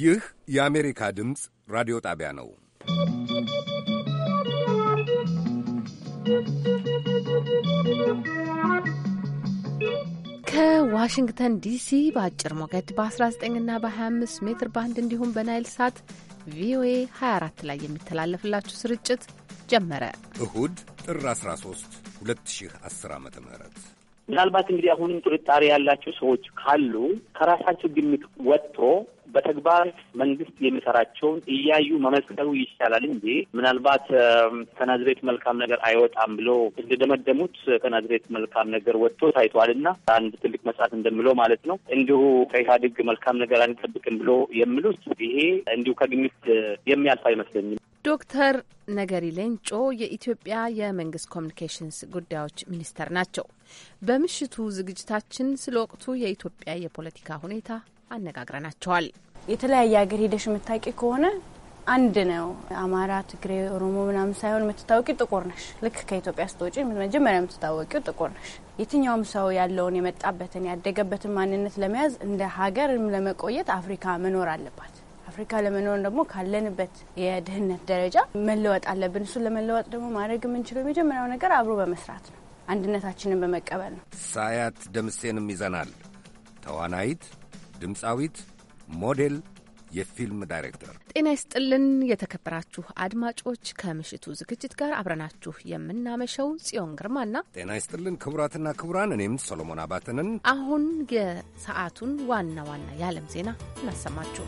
ይህ የአሜሪካ ድምፅ ራዲዮ ጣቢያ ነው። ከዋሽንግተን ዲሲ በአጭር ሞገድ በ 19 እና በ25 ሜትር ባንድ እንዲሁም በናይል ሳት ቪኦኤ 24 ላይ የሚተላለፍላችሁ ስርጭት ጀመረ። እሁድ ጥር 13 2010 ዓ ም ምናልባት እንግዲህ አሁንም ጥርጣሬ ያላቸው ሰዎች ካሉ ከራሳቸው ግምት ወጥቶ በተግባር መንግስት የሚሰራቸውን እያዩ መመስከሩ ይቻላል እንጂ ምናልባት ከናዝሬት መልካም ነገር አይወጣም ብሎ እንደደመደሙት ከናዝሬት መልካም ነገር ወጥቶ ታይቷል እና አንድ ትልቅ መጽሐፍ እንደምለው ማለት ነው እንዲሁ ከኢህአዴግ መልካም ነገር አንጠብቅም ብሎ የሚሉት ይሄ እንዲሁ ከግምት የሚያልፍ አይመስለኝም። ዶክተር ነገሪ ሌንጮ የኢትዮጵያ የመንግስት ኮሚኒኬሽንስ ጉዳዮች ሚኒስተር ናቸው። በምሽቱ ዝግጅታችን ስለ ወቅቱ የኢትዮጵያ የፖለቲካ ሁኔታ አነጋግረናቸዋል። የተለያየ ሀገር ሄደሽ የምታውቂ ከሆነ አንድ ነው። አማራ፣ ትግሬ፣ ኦሮሞ ምናምን ሳይሆን የምትታወቂ ጥቁር ነሽ። ልክ ከኢትዮጵያ ስትወጪ መጀመሪያ የምትታወቂው ጥቁር ነሽ። የትኛውም ሰው ያለውን የመጣበትን ያደገበትን ማንነት ለመያዝ እንደ ሀገርም ለመቆየት አፍሪካ መኖር አለባት። አፍሪካ ለመኖር ደግሞ ካለንበት የድህነት ደረጃ መለወጥ አለብን። እሱን ለመለወጥ ደግሞ ማድረግ የምንችለው የመጀመሪያው ነገር አብሮ በመስራት ነው። አንድነታችንን በመቀበል ነው። ሳያት ደምሴንም ይዘናል። ተዋናይት፣ ድምፃዊት፣ ሞዴል የፊልም ዳይሬክተር። ጤና ይስጥልን የተከበራችሁ አድማጮች፣ ከምሽቱ ዝግጅት ጋር አብረናችሁ የምናመሸው ጽዮን ግርማና ጤና ይስጥልን ክቡራትና ክቡራን፣ እኔም ሶሎሞን አባተንን። አሁን የሰዓቱን ዋና ዋና የዓለም ዜና እናሰማችሁ።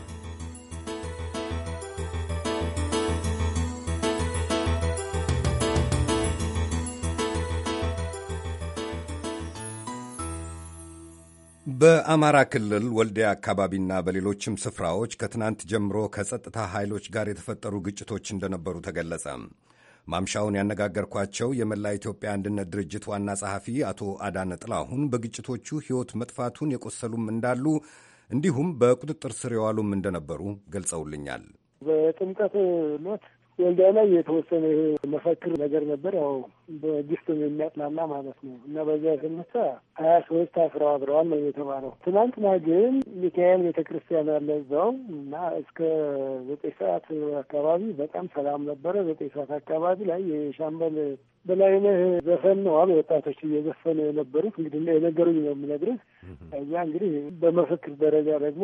በአማራ ክልል ወልዲያ አካባቢና በሌሎችም ስፍራዎች ከትናንት ጀምሮ ከጸጥታ ኃይሎች ጋር የተፈጠሩ ግጭቶች እንደነበሩ ተገለጸ። ማምሻውን ያነጋገርኳቸው የመላ ኢትዮጵያ አንድነት ድርጅት ዋና ጸሐፊ አቶ አዳነ ጥላሁን በግጭቶቹ ሕይወት መጥፋቱን የቆሰሉም እንዳሉ እንዲሁም በቁጥጥር ስር የዋሉም እንደነበሩ ገልጸውልኛል። በጥምቀት ሞት ወልዲያ ላይ የተወሰነ መፈክር ነገር ነበር ያው በግስቱን የሚያጥላላ ማለት ነው እና በዚያ የተነሳ ሀያ ሶስት ታስረው አድረዋል ነው የተባለው። ትናንትና ግን ሚካኤል ቤተክርስቲያን ያለ እዛው እና እስከ ዘጠኝ ሰዓት አካባቢ በጣም ሰላም ነበረ። ዘጠኝ ሰዓት አካባቢ ላይ የሻምበል በላይነህ ዘፈን ነው አሉ ወጣቶች እየዘፈኑ የነበሩት። እንግዲህ የነገሩኝ ነው የምነግርህ። እዚያ እንግዲህ በመፈክር ደረጃ ደግሞ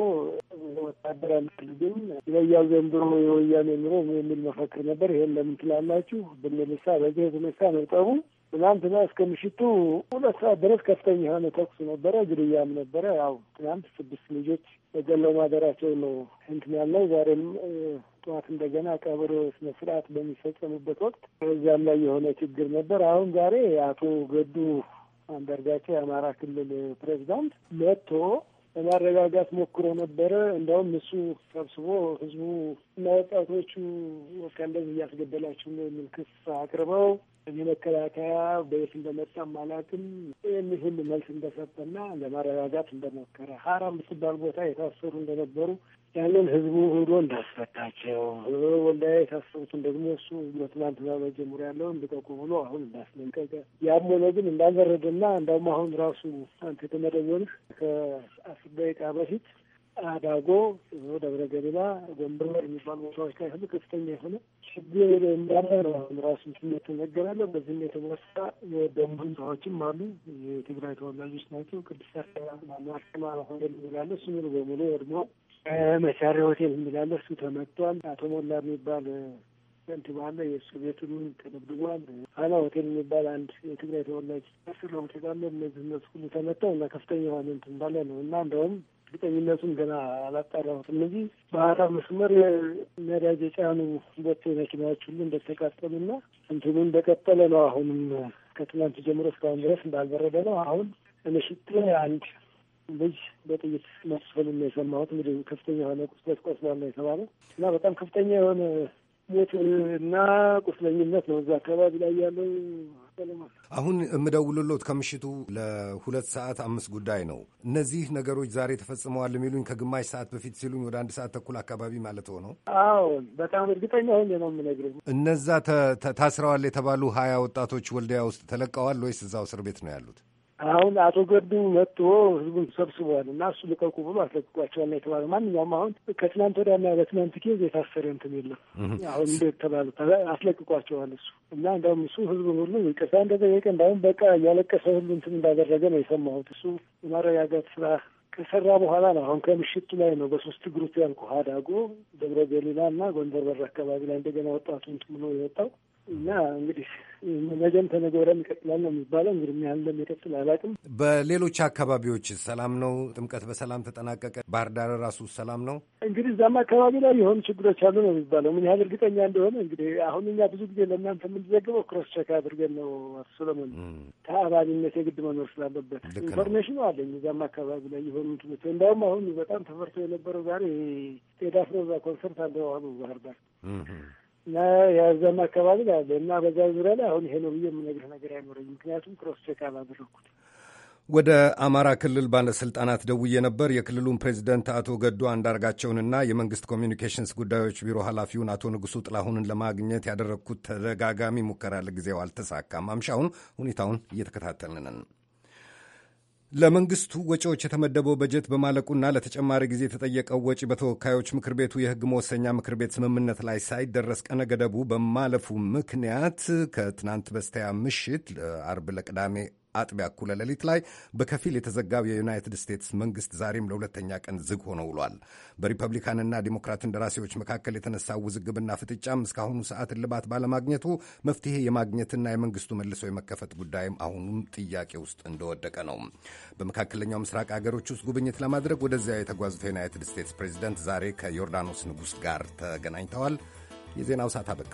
ወታደር አልክልግን ይለያል ዘንድሮ የወያኔ ኑሮ የሚል መፈክር ነበር። ይሄን ለምን ትላላችሁ ብንልሳ በዚህ የተነሳ ነው ሲጠሩ ትናንትና እስከ ምሽቱ ሁለት ሰዓት ድረስ ከፍተኛ የሆነ ተኩስ ነበረ፣ ግድያም ነበረ። ያው ትናንት ስድስት ልጆች በገለው ማደራቸው ነው እንትን ያለው። ዛሬም ጠዋት እንደገና ቀብር ስነ ስርዓት በሚፈጸምበት ወቅት እዚያም ላይ የሆነ ችግር ነበር። አሁን ዛሬ አቶ ገዱ አንዳርጋቸው የአማራ ክልል ፕሬዚዳንት መጥቶ ለማረጋጋት ሞክሮ ነበረ። እንዲያውም እሱ ሰብስቦ ህዝቡ እና ወጣቶቹ በቃ እንደዚህ እያስገደላችሁ ነው የሚል ክስ አቅርበው መከላከያ በየት እንደመጣ አላውቅም። ይህን ሁሉ መልስ እንደሰጠና ለማረጋጋት እንደሞከረ ሀራ የምትባል ቦታ የታሰሩ እንደነበሩ ያንን ህዝቡ ሄዶ እንዳስፈታቸው ወላሂ የታሰሩትን ደግሞ እሱ በትናንትና በጀምሮ ያለው ልቀቁ ብሎ አሁን እንዳስለንቀቀ ያም ሆነ ግን እንዳልበረደና እንዳውም አሁን ራሱ አንተ የተመደወልህ ከአስር ደቂቃ በፊት አዳጎ፣ ደብረ ገሊላ፣ ጎንበር የሚባሉ ቦታዎች ላይ ሁሉ ከፍተኛ የሆነ ችግር እንዳለ ነው አሁን ራሱ ስሜት ተነገራለ። በዚህም የተነሳ የደንቡ ህንፃዎችም አሉ። የትግራይ ተወላጆች ናቸው። ቅድስት ማናርማ ሆን የሚላለ እሱ ሙሉ በሙሉ ወድሞ መሳሪያ ሆቴል የሚላለ እሱ ተመቷል። አቶ ሞላ የሚባል እንትን ባለ የእሱ ቤቱን ተደብድቧል። ሀና ሆቴል የሚባል አንድ የትግራይ ተወላጅ ስለ ሆቴል አለ። እነዚህ እነሱ ሁሉ ተመተው እና ከፍተኛ የሆነ እንትን ባለ ነው እና እንደውም እርግጠኝነቱን ገና አላጣራሁትም እንጂ በአራ መስመር ነዳጅ የጫኑ ቦቴ መኪናዎች ሁሉ እንደተቃጠሉና እንትኑ እንደቀጠለ ነው። አሁንም ከትናንት ጀምሮ እስካሁን ድረስ እንዳልበረደ ነው። አሁን ምሽት አንድ ልጅ በጥይት መቁሰሉን ነው የሰማሁት። እንግዲህ ከፍተኛ የሆነ ቁስለት ቆስሏል ነው የተባለው እና በጣም ከፍተኛ የሆነ ሞት እና ቁስለኝነት ነው እዛ አካባቢ ላይ ያለው አሁን የምደውልሎት ከምሽቱ ለሁለት ሰዓት አምስት ጉዳይ ነው። እነዚህ ነገሮች ዛሬ ተፈጽመዋል የሚሉኝ ከግማሽ ሰዓት በፊት ሲሉኝ ወደ አንድ ሰዓት ተኩል አካባቢ ማለት ሆነው። አዎን፣ በጣም እርግጠኛ ሆኜ ነው የምነግርህ። እነዛ ታስረዋል የተባሉ ሀያ ወጣቶች ወልዲያ ውስጥ ተለቀዋል ወይስ እዛው እስር ቤት ነው ያሉት? አሁን አቶ ገዱ መጥቶ ህዝቡን ሰብስበዋል እና እሱ ልቀቁ ብሎ አስለቅቋቸዋል የተባለ ማንኛውም አሁን ከትናንት ወዲያና በትናንት ኬዝ የታሰረ እንትን የለም። አሁን እንደተባሉ አስለቅቋቸዋል እሱ እና እንደውም እሱ ህዝቡን ሁሉ ይቅርታ እንደጠየቀ እንዳሁም በቃ እያለቀሰ ሁሉ እንትን እንዳደረገ ነው የሰማሁት። እሱ የማረጋጋት ስራ ከሰራ በኋላ ነው። አሁን ከምሽቱ ላይ ነው በሶስት ግሩፕ ያልኩ ሀዳጎ፣ ደብረ ገሊላ እና ጎንደር በር አካባቢ ላይ እንደገና ወጣቱ ብሎ የወጣው እና እንግዲህ ነገም ተነገ ወዲያም ይቀጥላል ነው የሚባለው። እንግዲህ ምን ያህል እንደሚቀጥል አላውቅም። በሌሎች አካባቢዎች ሰላም ነው? ጥምቀት በሰላም ተጠናቀቀ? ባህር ዳር ራሱ ሰላም ነው? እንግዲህ እዛም አካባቢ ላይ የሆኑ ችግሮች አሉ ነው የሚባለው። ምን ያህል እርግጠኛ እንደሆነ እንግዲህ አሁን እኛ ብዙ ጊዜ ለእናንተ የምንዘግበው ክሮስ ቸክ አድርገን ነው። አቶ ሰለሞን ተአማኒነት የግድ መኖር ስላለበት ኢንፎርሜሽኑ አለኝ። እዛም አካባቢ ላይ የሆኑ ትምህርት እንዲያውም አሁን በጣም ተፈርቶ የነበረው ዛሬ ቴዲ አፍሮ ኮንሰርት አለ ባህር ዳር እና የዛም አካባቢ ላለ እና በዛ ዙሪያ ላይ አሁን ይሄ ነው ብዬ የምነግርህ ነገር አይኖረኝ፣ ምክንያቱም ክሮስቼክ አላደረኩት። ወደ አማራ ክልል ባለስልጣናት ደውዬ ነበር። የክልሉን ፕሬዚደንት አቶ ገዱ አንዳርጋቸውንና የመንግስት ኮሚኒኬሽንስ ጉዳዮች ቢሮ ኃላፊውን አቶ ንጉሱ ጥላሁንን ለማግኘት ያደረግኩት ተደጋጋሚ ሙከራ ለጊዜው አልተሳካም። ማምሻውን ሁኔታውን እየተከታተልን ነን። ለመንግስቱ ወጪዎች የተመደበው በጀት በማለቁና ለተጨማሪ ጊዜ የተጠየቀው ወጪ በተወካዮች ምክር ቤቱ የህግ መወሰኛ ምክር ቤት ስምምነት ላይ ሳይደረስ ቀነ ገደቡ በማለፉ ምክንያት ከትናንት በስቲያ ምሽት ለአርብ ለቅዳሜ አጥቢያ እኩለ ሌሊት ላይ በከፊል የተዘጋው የዩናይትድ ስቴትስ መንግስት ዛሬም ለሁለተኛ ቀን ዝግ ሆኖ ውሏል። በሪፐብሊካንና ዲሞክራት እንደራሴዎች መካከል የተነሳው ውዝግብና ፍጥጫም እስካሁኑ ሰዓት እልባት ባለማግኘቱ መፍትሄ የማግኘትና የመንግስቱ መልሶ የመከፈት ጉዳይም አሁኑም ጥያቄ ውስጥ እንደወደቀ ነው። በመካከለኛው ምስራቅ አገሮች ውስጥ ጉብኝት ለማድረግ ወደዚያ የተጓዙት የዩናይትድ ስቴትስ ፕሬዚደንት ዛሬ ከዮርዳኖስ ንጉሥ ጋር ተገናኝተዋል። የዜናው ሰዓት አበቃ።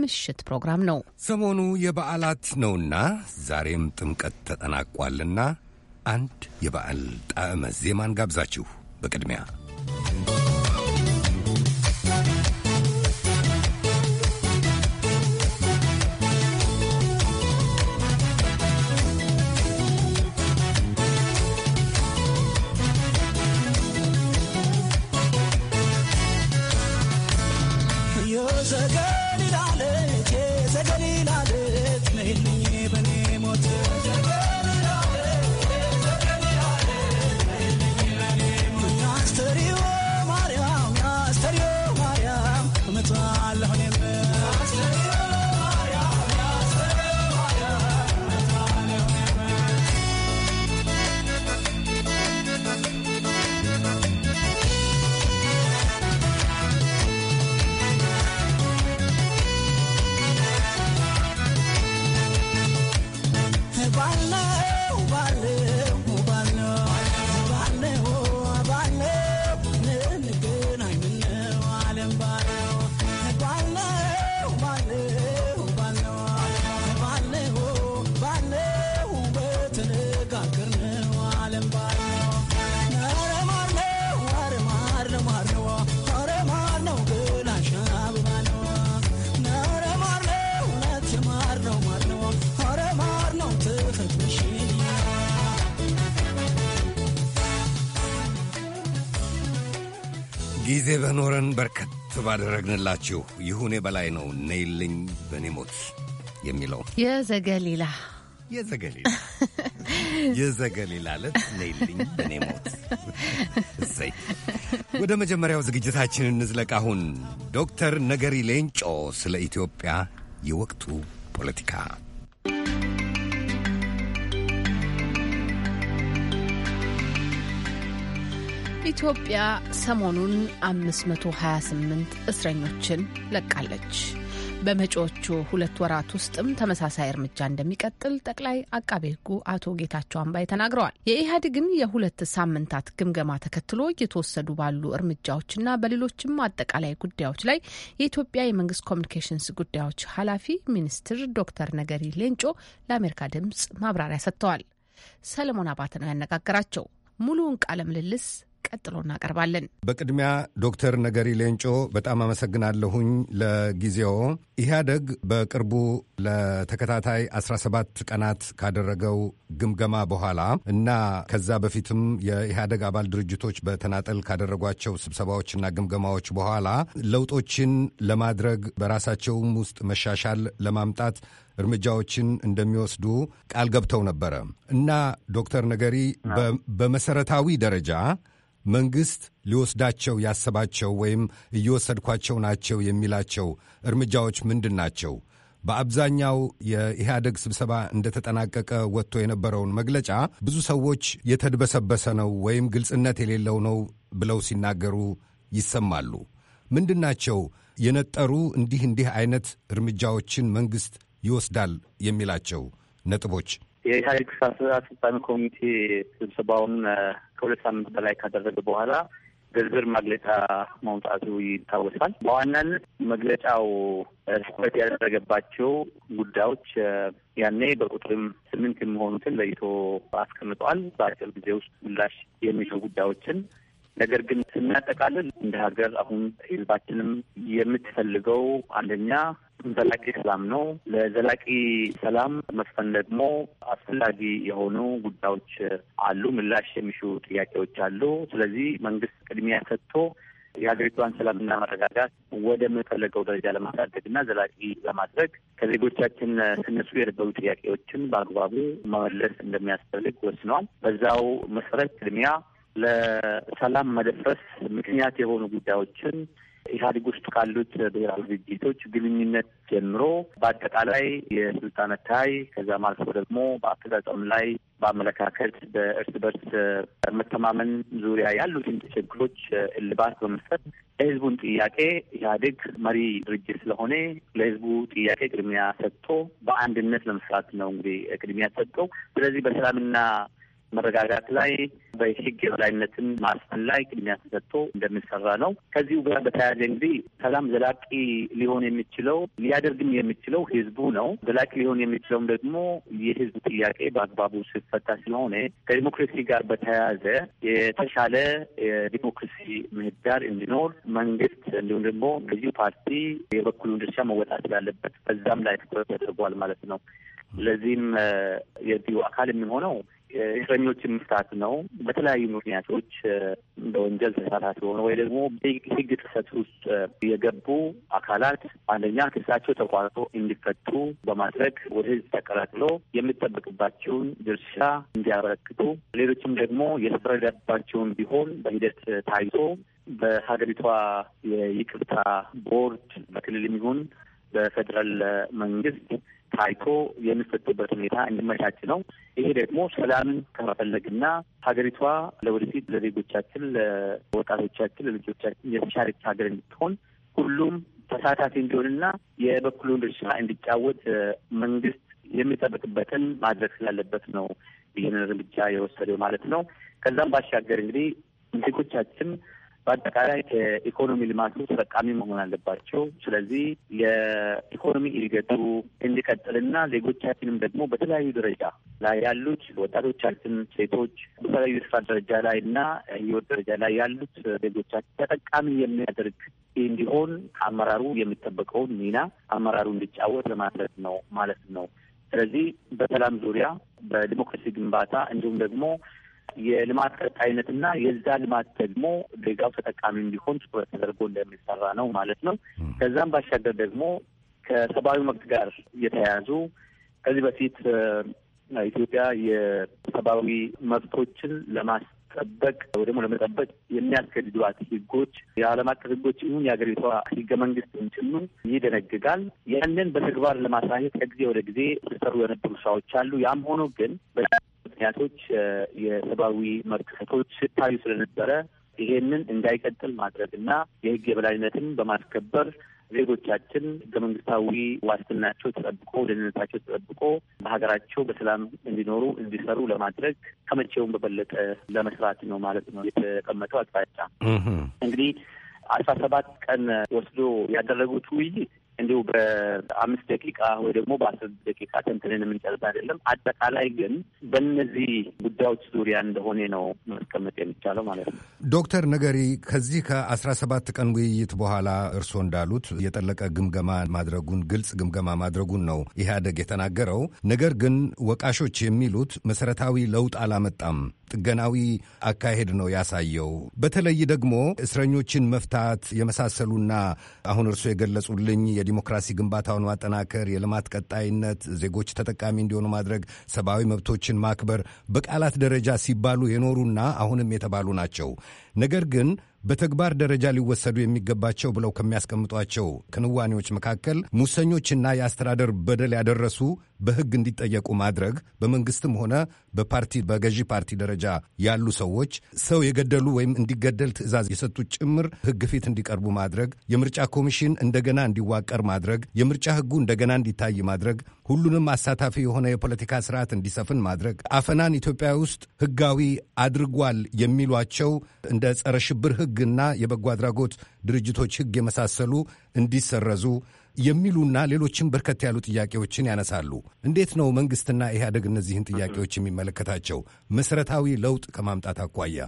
ምሽት ፕሮግራም ነው። ሰሞኑ የበዓላት ነውና ዛሬም ጥምቀት ተጠናቋልና አንድ የበዓል ጣዕመ ዜማን ጋብዛችሁ በቅድሚያ ዴቨን ኖረን በርከት ባደረግንላችሁ ይሁኔ በላይ ነው ነይልኝ በኔ ሞት የሚለው የዘገሊላ የዘገሊላ የዘገሊላ ለት ነይልኝ በኔ ሞት። እሰይ ወደ መጀመሪያው ዝግጅታችን እንዝለቅ። አሁን ዶክተር ነገሪ ሌንጮ ስለ ኢትዮጵያ የወቅቱ ፖለቲካ ኢትዮጵያ ሰሞኑን 528 እስረኞችን ለቃለች። በመጪዎቹ ሁለት ወራት ውስጥም ተመሳሳይ እርምጃ እንደሚቀጥል ጠቅላይ አቃቤ ሕጉ አቶ ጌታቸው አምባይ ተናግረዋል። የኢህአዴግን የሁለት ሳምንታት ግምገማ ተከትሎ እየተወሰዱ ባሉ እርምጃዎችና በሌሎችም አጠቃላይ ጉዳዮች ላይ የኢትዮጵያ የመንግስት ኮሚኒኬሽንስ ጉዳዮች ኃላፊ ሚኒስትር ዶክተር ነገሪ ሌንጮ ለአሜሪካ ድምጽ ማብራሪያ ሰጥተዋል። ሰለሞን አባተ ነው ያነጋገራቸው። ሙሉውን ቃለ ምልልስ ቀጥሎ እናቀርባለን። በቅድሚያ ዶክተር ነገሪ ሌንጮ በጣም አመሰግናለሁኝ ለጊዜው። ኢህአደግ በቅርቡ ለተከታታይ 17 ቀናት ካደረገው ግምገማ በኋላ እና ከዛ በፊትም የኢህአደግ አባል ድርጅቶች በተናጠል ካደረጓቸው ስብሰባዎችና ግምገማዎች በኋላ ለውጦችን ለማድረግ በራሳቸውም ውስጥ መሻሻል ለማምጣት እርምጃዎችን እንደሚወስዱ ቃል ገብተው ነበረ እና ዶክተር ነገሪ በመሰረታዊ ደረጃ መንግሥት ሊወስዳቸው ያሰባቸው ወይም እየወሰድኳቸው ናቸው የሚላቸው እርምጃዎች ምንድን ናቸው? በአብዛኛው የኢህአደግ ስብሰባ እንደተጠናቀቀ ወጥቶ የነበረውን መግለጫ ብዙ ሰዎች የተድበሰበሰ ነው ወይም ግልጽነት የሌለው ነው ብለው ሲናገሩ ይሰማሉ። ምንድን ናቸው የነጠሩ እንዲህ እንዲህ አይነት እርምጃዎችን መንግሥት ይወስዳል የሚላቸው ነጥቦች? የኢህአዴግ አስፈጻሚ ኮሚቴ ስብሰባውን ከሁለት ሳምንት በላይ ካደረገ በኋላ ዝርዝር መግለጫ ማውጣቱ ይታወሳል። በዋናነት መግለጫው ስበት ያደረገባቸው ጉዳዮች ያኔ በቁጥርም ስምንት የሚሆኑትን ለይቶ አስቀምጠዋል። በአጭር ጊዜ ውስጥ ምላሽ የሚሹ ጉዳዮችን ነገር ግን ስናጠቃልል እንደ ሀገር አሁን ህዝባችንም የምትፈልገው አንደኛ ዘላቂ ሰላም ነው። ለዘላቂ ሰላም መስፈን ደግሞ አስፈላጊ የሆኑ ጉዳዮች አሉ፣ ምላሽ የሚሹ ጥያቄዎች አሉ። ስለዚህ መንግስት ቅድሚያ ሰጥቶ የሀገሪቷን ሰላምና መረጋጋት ወደምንፈለገው ደረጃ ለማሳደግ ዘላቂ ለማድረግ ከዜጎቻችን ስነሱ የነበሩ ጥያቄዎችን በአግባቡ መመለስ እንደሚያስፈልግ ወስኗል። በዛው መሰረት ቅድሚያ ለሰላም መደፍረስ ምክንያት የሆኑ ጉዳዮችን ኢህአዴግ ውስጥ ካሉት ብሔራዊ ድርጅቶች ግንኙነት ጀምሮ በአጠቃላይ የስልጣን ታይ ከዛም አልፎ ደግሞ በአፈጻጸም ላይ በአመለካከት በእርስ በርስ መተማመን ዙሪያ ያሉትን ችግሮች እልባት በመስጠት የህዝቡን ጥያቄ ኢህአዴግ መሪ ድርጅት ስለሆነ ለህዝቡ ጥያቄ ቅድሚያ ሰጥቶ በአንድነት ለመስራት ነው እንግዲህ ቅድሚያ ሰጠው። ስለዚህ በሰላምና መረጋጋት ላይ በህግ የበላይነትን ማስፈን ላይ ቅድሚያ ተሰጥቶ እንደምንሰራ ነው። ከዚሁ ጋር በተያያዘ እንግዲህ ሰላም ዘላቂ ሊሆን የሚችለው ሊያደርግም የሚችለው ህዝቡ ነው። ዘላቂ ሊሆን የሚችለውም ደግሞ የህዝቡ ጥያቄ በአግባቡ ሲፈታ ስለሆነ ከዲሞክራሲ ጋር በተያያዘ የተሻለ የዲሞክራሲ ምህዳር እንዲኖር መንግስት እንዲሁም ደግሞ ገዢ ፓርቲ የበኩሉን ድርሻ መወጣት ስላለበት በዛም ላይ ትኩረት ያደርገዋል ማለት ነው። ለዚህም የዚሁ አካል የሚሆነው የእስረኞችን መፍታት ነው። በተለያዩ ምክንያቶች ወንጀል ተሳታፊ የሆኑ ወይ ደግሞ በሕግ ጥሰት ውስጥ የገቡ አካላት አንደኛ ክሳቸው ተቋርጦ እንዲፈቱ በማድረግ ወደ ሕዝብ ተቀላቅሎ የሚጠበቅባቸውን ድርሻ እንዲያበረክቱ፣ ሌሎችም ደግሞ የተፈረደባቸውን ቢሆን በሂደት ታይቶ በሀገሪቷ የይቅርታ ቦርድ በክልል የሚሆን በፌዴራል መንግስት ታይቶ የሚሰጡበት ሁኔታ እንዲመቻች ነው። ይሄ ደግሞ ሰላምን ከመፈለግና ሀገሪቷ ለወደፊት ለዜጎቻችን፣ ለወጣቶቻችን፣ ለልጆቻችን የተሻለች ሀገር እንድትሆን ሁሉም ተሳታፊ እንዲሆንና የበኩሉን ድርሻ እንዲጫወት መንግስት የሚጠበቅበትን ማድረግ ስላለበት ነው ይህንን እርምጃ የወሰደው ማለት ነው። ከዛም ባሻገር እንግዲህ ዜጎቻችን በአጠቃላይ የኢኮኖሚ ልማቱ ተጠቃሚ መሆን አለባቸው። ስለዚህ የኢኮኖሚ እድገቱ እንዲቀጥልና ዜጎቻችንም ደግሞ በተለያዩ ደረጃ ላይ ያሉት ወጣቶቻችን፣ ሴቶች በተለያዩ የስራ ደረጃ ላይ እና ህይወት ደረጃ ላይ ያሉት ዜጎቻችን ተጠቃሚ የሚያደርግ እንዲሆን ከአመራሩ የሚጠበቀውን ሚና አመራሩ እንዲጫወት ለማድረግ ነው ማለት ነው። ስለዚህ በሰላም ዙሪያ በዲሞክራሲ ግንባታ እንዲሁም ደግሞ የልማት ቀጣይነትና የዛ ልማት ደግሞ ዜጋው ተጠቃሚ እንዲሆን ትኩረት ተደርጎ እንደሚሰራ ነው ማለት ነው። ከዛም ባሻገር ደግሞ ከሰብአዊ መብት ጋር የተያያዙ ከዚህ በፊት ኢትዮጵያ የሰብአዊ መብቶችን ለማስጠበቅ ወይ ደግሞ ለመጠበቅ የሚያስገድዷት ህጎች የዓለም አቀፍ ህጎች ይሁን የሀገሪቷ ህገ መንግስት ጭምር ይደነግጋል። ያንን በተግባር ለማሳየት ከጊዜ ወደ ጊዜ ሲሰሩ የነበሩ ስራዎች አሉ። ያም ሆኖ ግን ምክንያቶች የሰብአዊ መብት ጥሰቶች ሲታዩ ስለነበረ ይሄንን እንዳይቀጥል ማድረግ እና የህግ የበላይነትን በማስከበር ዜጎቻችን ህገ መንግስታዊ ዋስትናቸው ተጠብቆ ደህንነታቸው ተጠብቆ በሀገራቸው በሰላም እንዲኖሩ እንዲሰሩ ለማድረግ ከመቼውም በበለጠ ለመስራት ነው ማለት ነው የተቀመጠው አቅጣጫ። እንግዲህ አስራ ሰባት ቀን ወስዶ ያደረጉት ውይይት እንዲሁ በአምስት ደቂቃ ወይ ደግሞ በአስር ደቂቃ ተንትንን የምንጨርስ አይደለም። አጠቃላይ ግን በእነዚህ ጉዳዮች ዙሪያ እንደሆነ ነው ማስቀመጥ የሚቻለው ማለት ነው። ዶክተር ነገሪ ከዚህ ከአስራ ሰባት ቀን ውይይት በኋላ እርስዎ እንዳሉት የጠለቀ ግምገማ ማድረጉን ግልጽ ግምገማ ማድረጉን ነው ኢህአደግ የተናገረው። ነገር ግን ወቃሾች የሚሉት መሰረታዊ ለውጥ አላመጣም ጥገናዊ አካሄድ ነው ያሳየው። በተለይ ደግሞ እስረኞችን መፍታት የመሳሰሉና አሁን እርሶ የገለጹልኝ የዲሞክራሲ ግንባታውን ማጠናከር፣ የልማት ቀጣይነት፣ ዜጎች ተጠቃሚ እንዲሆኑ ማድረግ፣ ሰብአዊ መብቶችን ማክበር በቃላት ደረጃ ሲባሉ የኖሩና አሁንም የተባሉ ናቸው። ነገር ግን በተግባር ደረጃ ሊወሰዱ የሚገባቸው ብለው ከሚያስቀምጧቸው ክንዋኔዎች መካከል ሙሰኞችና የአስተዳደር በደል ያደረሱ በሕግ እንዲጠየቁ ማድረግ በመንግስትም ሆነ በፓርቲ በገዢ ፓርቲ ደረጃ ያሉ ሰዎች ሰው የገደሉ ወይም እንዲገደል ትዕዛዝ የሰጡት ጭምር ሕግ ፊት እንዲቀርቡ ማድረግ፣ የምርጫ ኮሚሽን እንደገና እንዲዋቀር ማድረግ፣ የምርጫ ሕጉ እንደገና እንዲታይ ማድረግ፣ ሁሉንም አሳታፊ የሆነ የፖለቲካ ስርዓት እንዲሰፍን ማድረግ፣ አፈናን ኢትዮጵያ ውስጥ ሕጋዊ አድርጓል የሚሏቸው እንደ ጸረ ሽብር ሕግና የበጎ አድራጎት ድርጅቶች ሕግ የመሳሰሉ እንዲሰረዙ የሚሉና ሌሎችም በርከት ያሉ ጥያቄዎችን ያነሳሉ። እንዴት ነው መንግስትና ኢህአደግ እነዚህን ጥያቄዎች የሚመለከታቸው? መሰረታዊ ለውጥ ከማምጣት አኳያ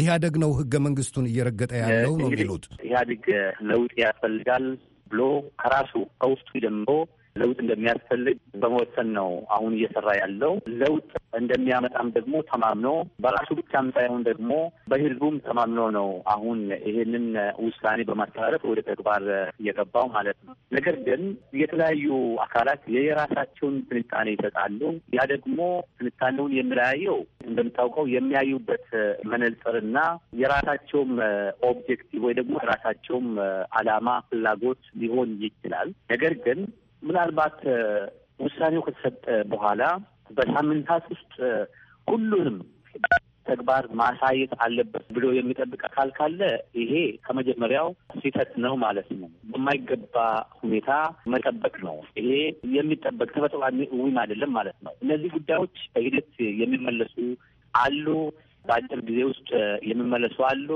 ኢህአደግ ነው ህገ መንግስቱን እየረገጠ ያለው ነው የሚሉት። ኢህአደግ ለውጥ ያስፈልጋል ብሎ ከራሱ ከውስጡ ጀምሮ ለውጥ እንደሚያስፈልግ በመወሰን ነው አሁን እየሰራ ያለው። ለውጥ እንደሚያመጣም ደግሞ ተማምኖ በራሱ ብቻም ሳይሆን ደግሞ በህዝቡም ተማምኖ ነው አሁን ይሄንን ውሳኔ በማስተላለፍ ወደ ተግባር እየገባው ማለት ነው። ነገር ግን የተለያዩ አካላት የራሳቸውን ትንታኔ ይሰጣሉ። ያ ደግሞ ትንታኔውን የሚለያየው እንደምታውቀው የሚያዩበት መነጽርና የራሳቸውም ኦብጀክቲቭ ወይ ደግሞ የራሳቸውም አላማ ፍላጎት ሊሆን ይችላል። ነገር ግን ምናልባት ውሳኔው ከተሰጠ በኋላ በሳምንታት ውስጥ ሁሉንም ተግባር ማሳየት አለበት ብሎ የሚጠብቅ አካል ካለ ይሄ ከመጀመሪያው ስህተት ነው ማለት ነው። በማይገባ ሁኔታ መጠበቅ ነው። ይሄ የሚጠበቅ ተፈጥሯዊም አይደለም ማለት ነው። እነዚህ ጉዳዮች በሂደት የሚመለሱ አሉ፣ በአጭር ጊዜ ውስጥ የሚመለሱ አሉ።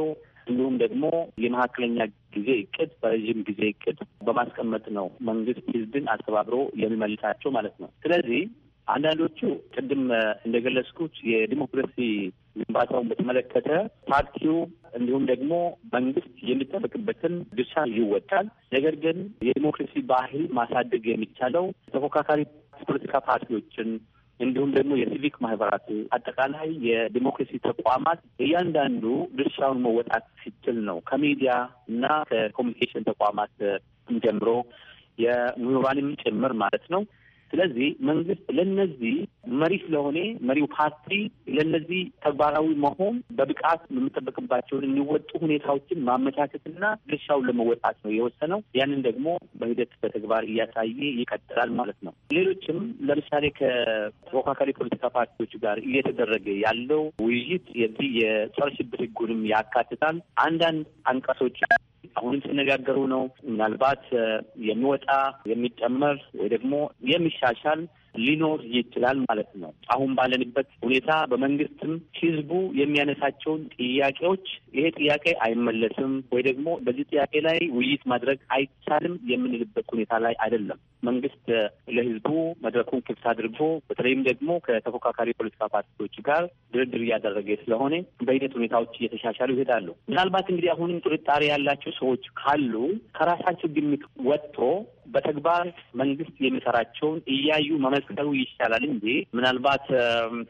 እንዲሁም ደግሞ የመካከለኛ ጊዜ እቅድ፣ በረዥም ጊዜ እቅድ በማስቀመጥ ነው መንግስት ህዝብን አስተባብሮ የሚመልሳቸው ማለት ነው። ስለዚህ አንዳንዶቹ ቅድም እንደገለጽኩት የዲሞክራሲ ግንባታውን በተመለከተ ፓርቲው እንዲሁም ደግሞ መንግስት የሚጠበቅበትን ድርሻ ይወጣል። ነገር ግን የዲሞክራሲ ባህል ማሳደግ የሚቻለው ተፎካካሪ ፖለቲካ ፓርቲዎችን እንዲሁም ደግሞ የሲቪክ ማህበራት አጠቃላይ የዲሞክራሲ ተቋማት እያንዳንዱ ድርሻውን መወጣት ሲችል ነው ከሚዲያ እና ከኮሚኒኬሽን ተቋማት ጀምሮ የምሁራንም ጭምር ማለት ነው ስለዚህ መንግስት ለነዚህ መሪ ስለሆነ መሪው ፓርቲ ለነዚህ ተግባራዊ መሆን በብቃት የምጠበቅባቸውን የሚወጡ ሁኔታዎችን ማመቻቸትና ድርሻውን ለመወጣት ነው የወሰነው። ያንን ደግሞ በሂደት በተግባር እያሳየ ይቀጥላል ማለት ነው። ሌሎችም ለምሳሌ ከተፎካካሪ ፖለቲካ ፓርቲዎች ጋር እየተደረገ ያለው ውይይት የዚህ የጸረ ሽብር ህጉንም ያካትታል። አንዳንድ አንቀሶች አሁንም ተነጋገሩ ነው። ምናልባት የሚወጣ የሚጨመር ወይ ደግሞ የሚሻሻል ሊኖር ይችላል ማለት ነው። አሁን ባለንበት ሁኔታ በመንግስትም ህዝቡ የሚያነሳቸውን ጥያቄዎች ይሄ ጥያቄ አይመለስም ወይ ደግሞ በዚህ ጥያቄ ላይ ውይይት ማድረግ አይቻልም የምንልበት ሁኔታ ላይ አይደለም። መንግስት ለህዝቡ መድረኩን ክፍት አድርጎ በተለይም ደግሞ ከተፎካካሪ ፖለቲካ ፓርቲዎች ጋር ድርድር እያደረገ ስለሆነ በሂደት ሁኔታዎች እየተሻሻሉ ይሄዳሉ። ምናልባት እንግዲህ አሁንም ጥርጣሬ ያላቸው ሰዎች ካሉ ከራሳቸው ግምት ወጥቶ በተግባር መንግስት የሚሰራቸውን እያዩ መመ መቅጠሩ ይሻላል እንጂ ምናልባት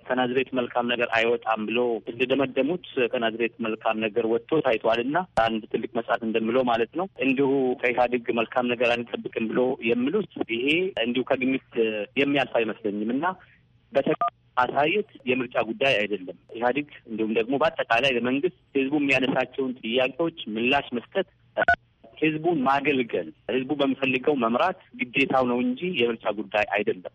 ከናዝሬት መልካም ነገር አይወጣም ብሎ እንደደመደሙት ከናዝሬት መልካም ነገር ወጥቶ ታይቷል እና አንድ ትልቅ መጽሐፍ እንደምለው ማለት ነው እንዲሁ ከኢህአዴግ መልካም ነገር አንጠብቅም ብሎ የሚሉት ይሄ እንዲሁ ከግምት የሚያልፍ አይመስለኝም እና በተ ማሳየት የምርጫ ጉዳይ አይደለም። ኢህአዴግ እንዲሁም ደግሞ በአጠቃላይ ለመንግስት ህዝቡ የሚያነሳቸውን ጥያቄዎች ምላሽ መስጠት፣ ህዝቡን ማገልገል፣ ህዝቡ በሚፈልገው መምራት ግዴታው ነው እንጂ የምርጫ ጉዳይ አይደለም።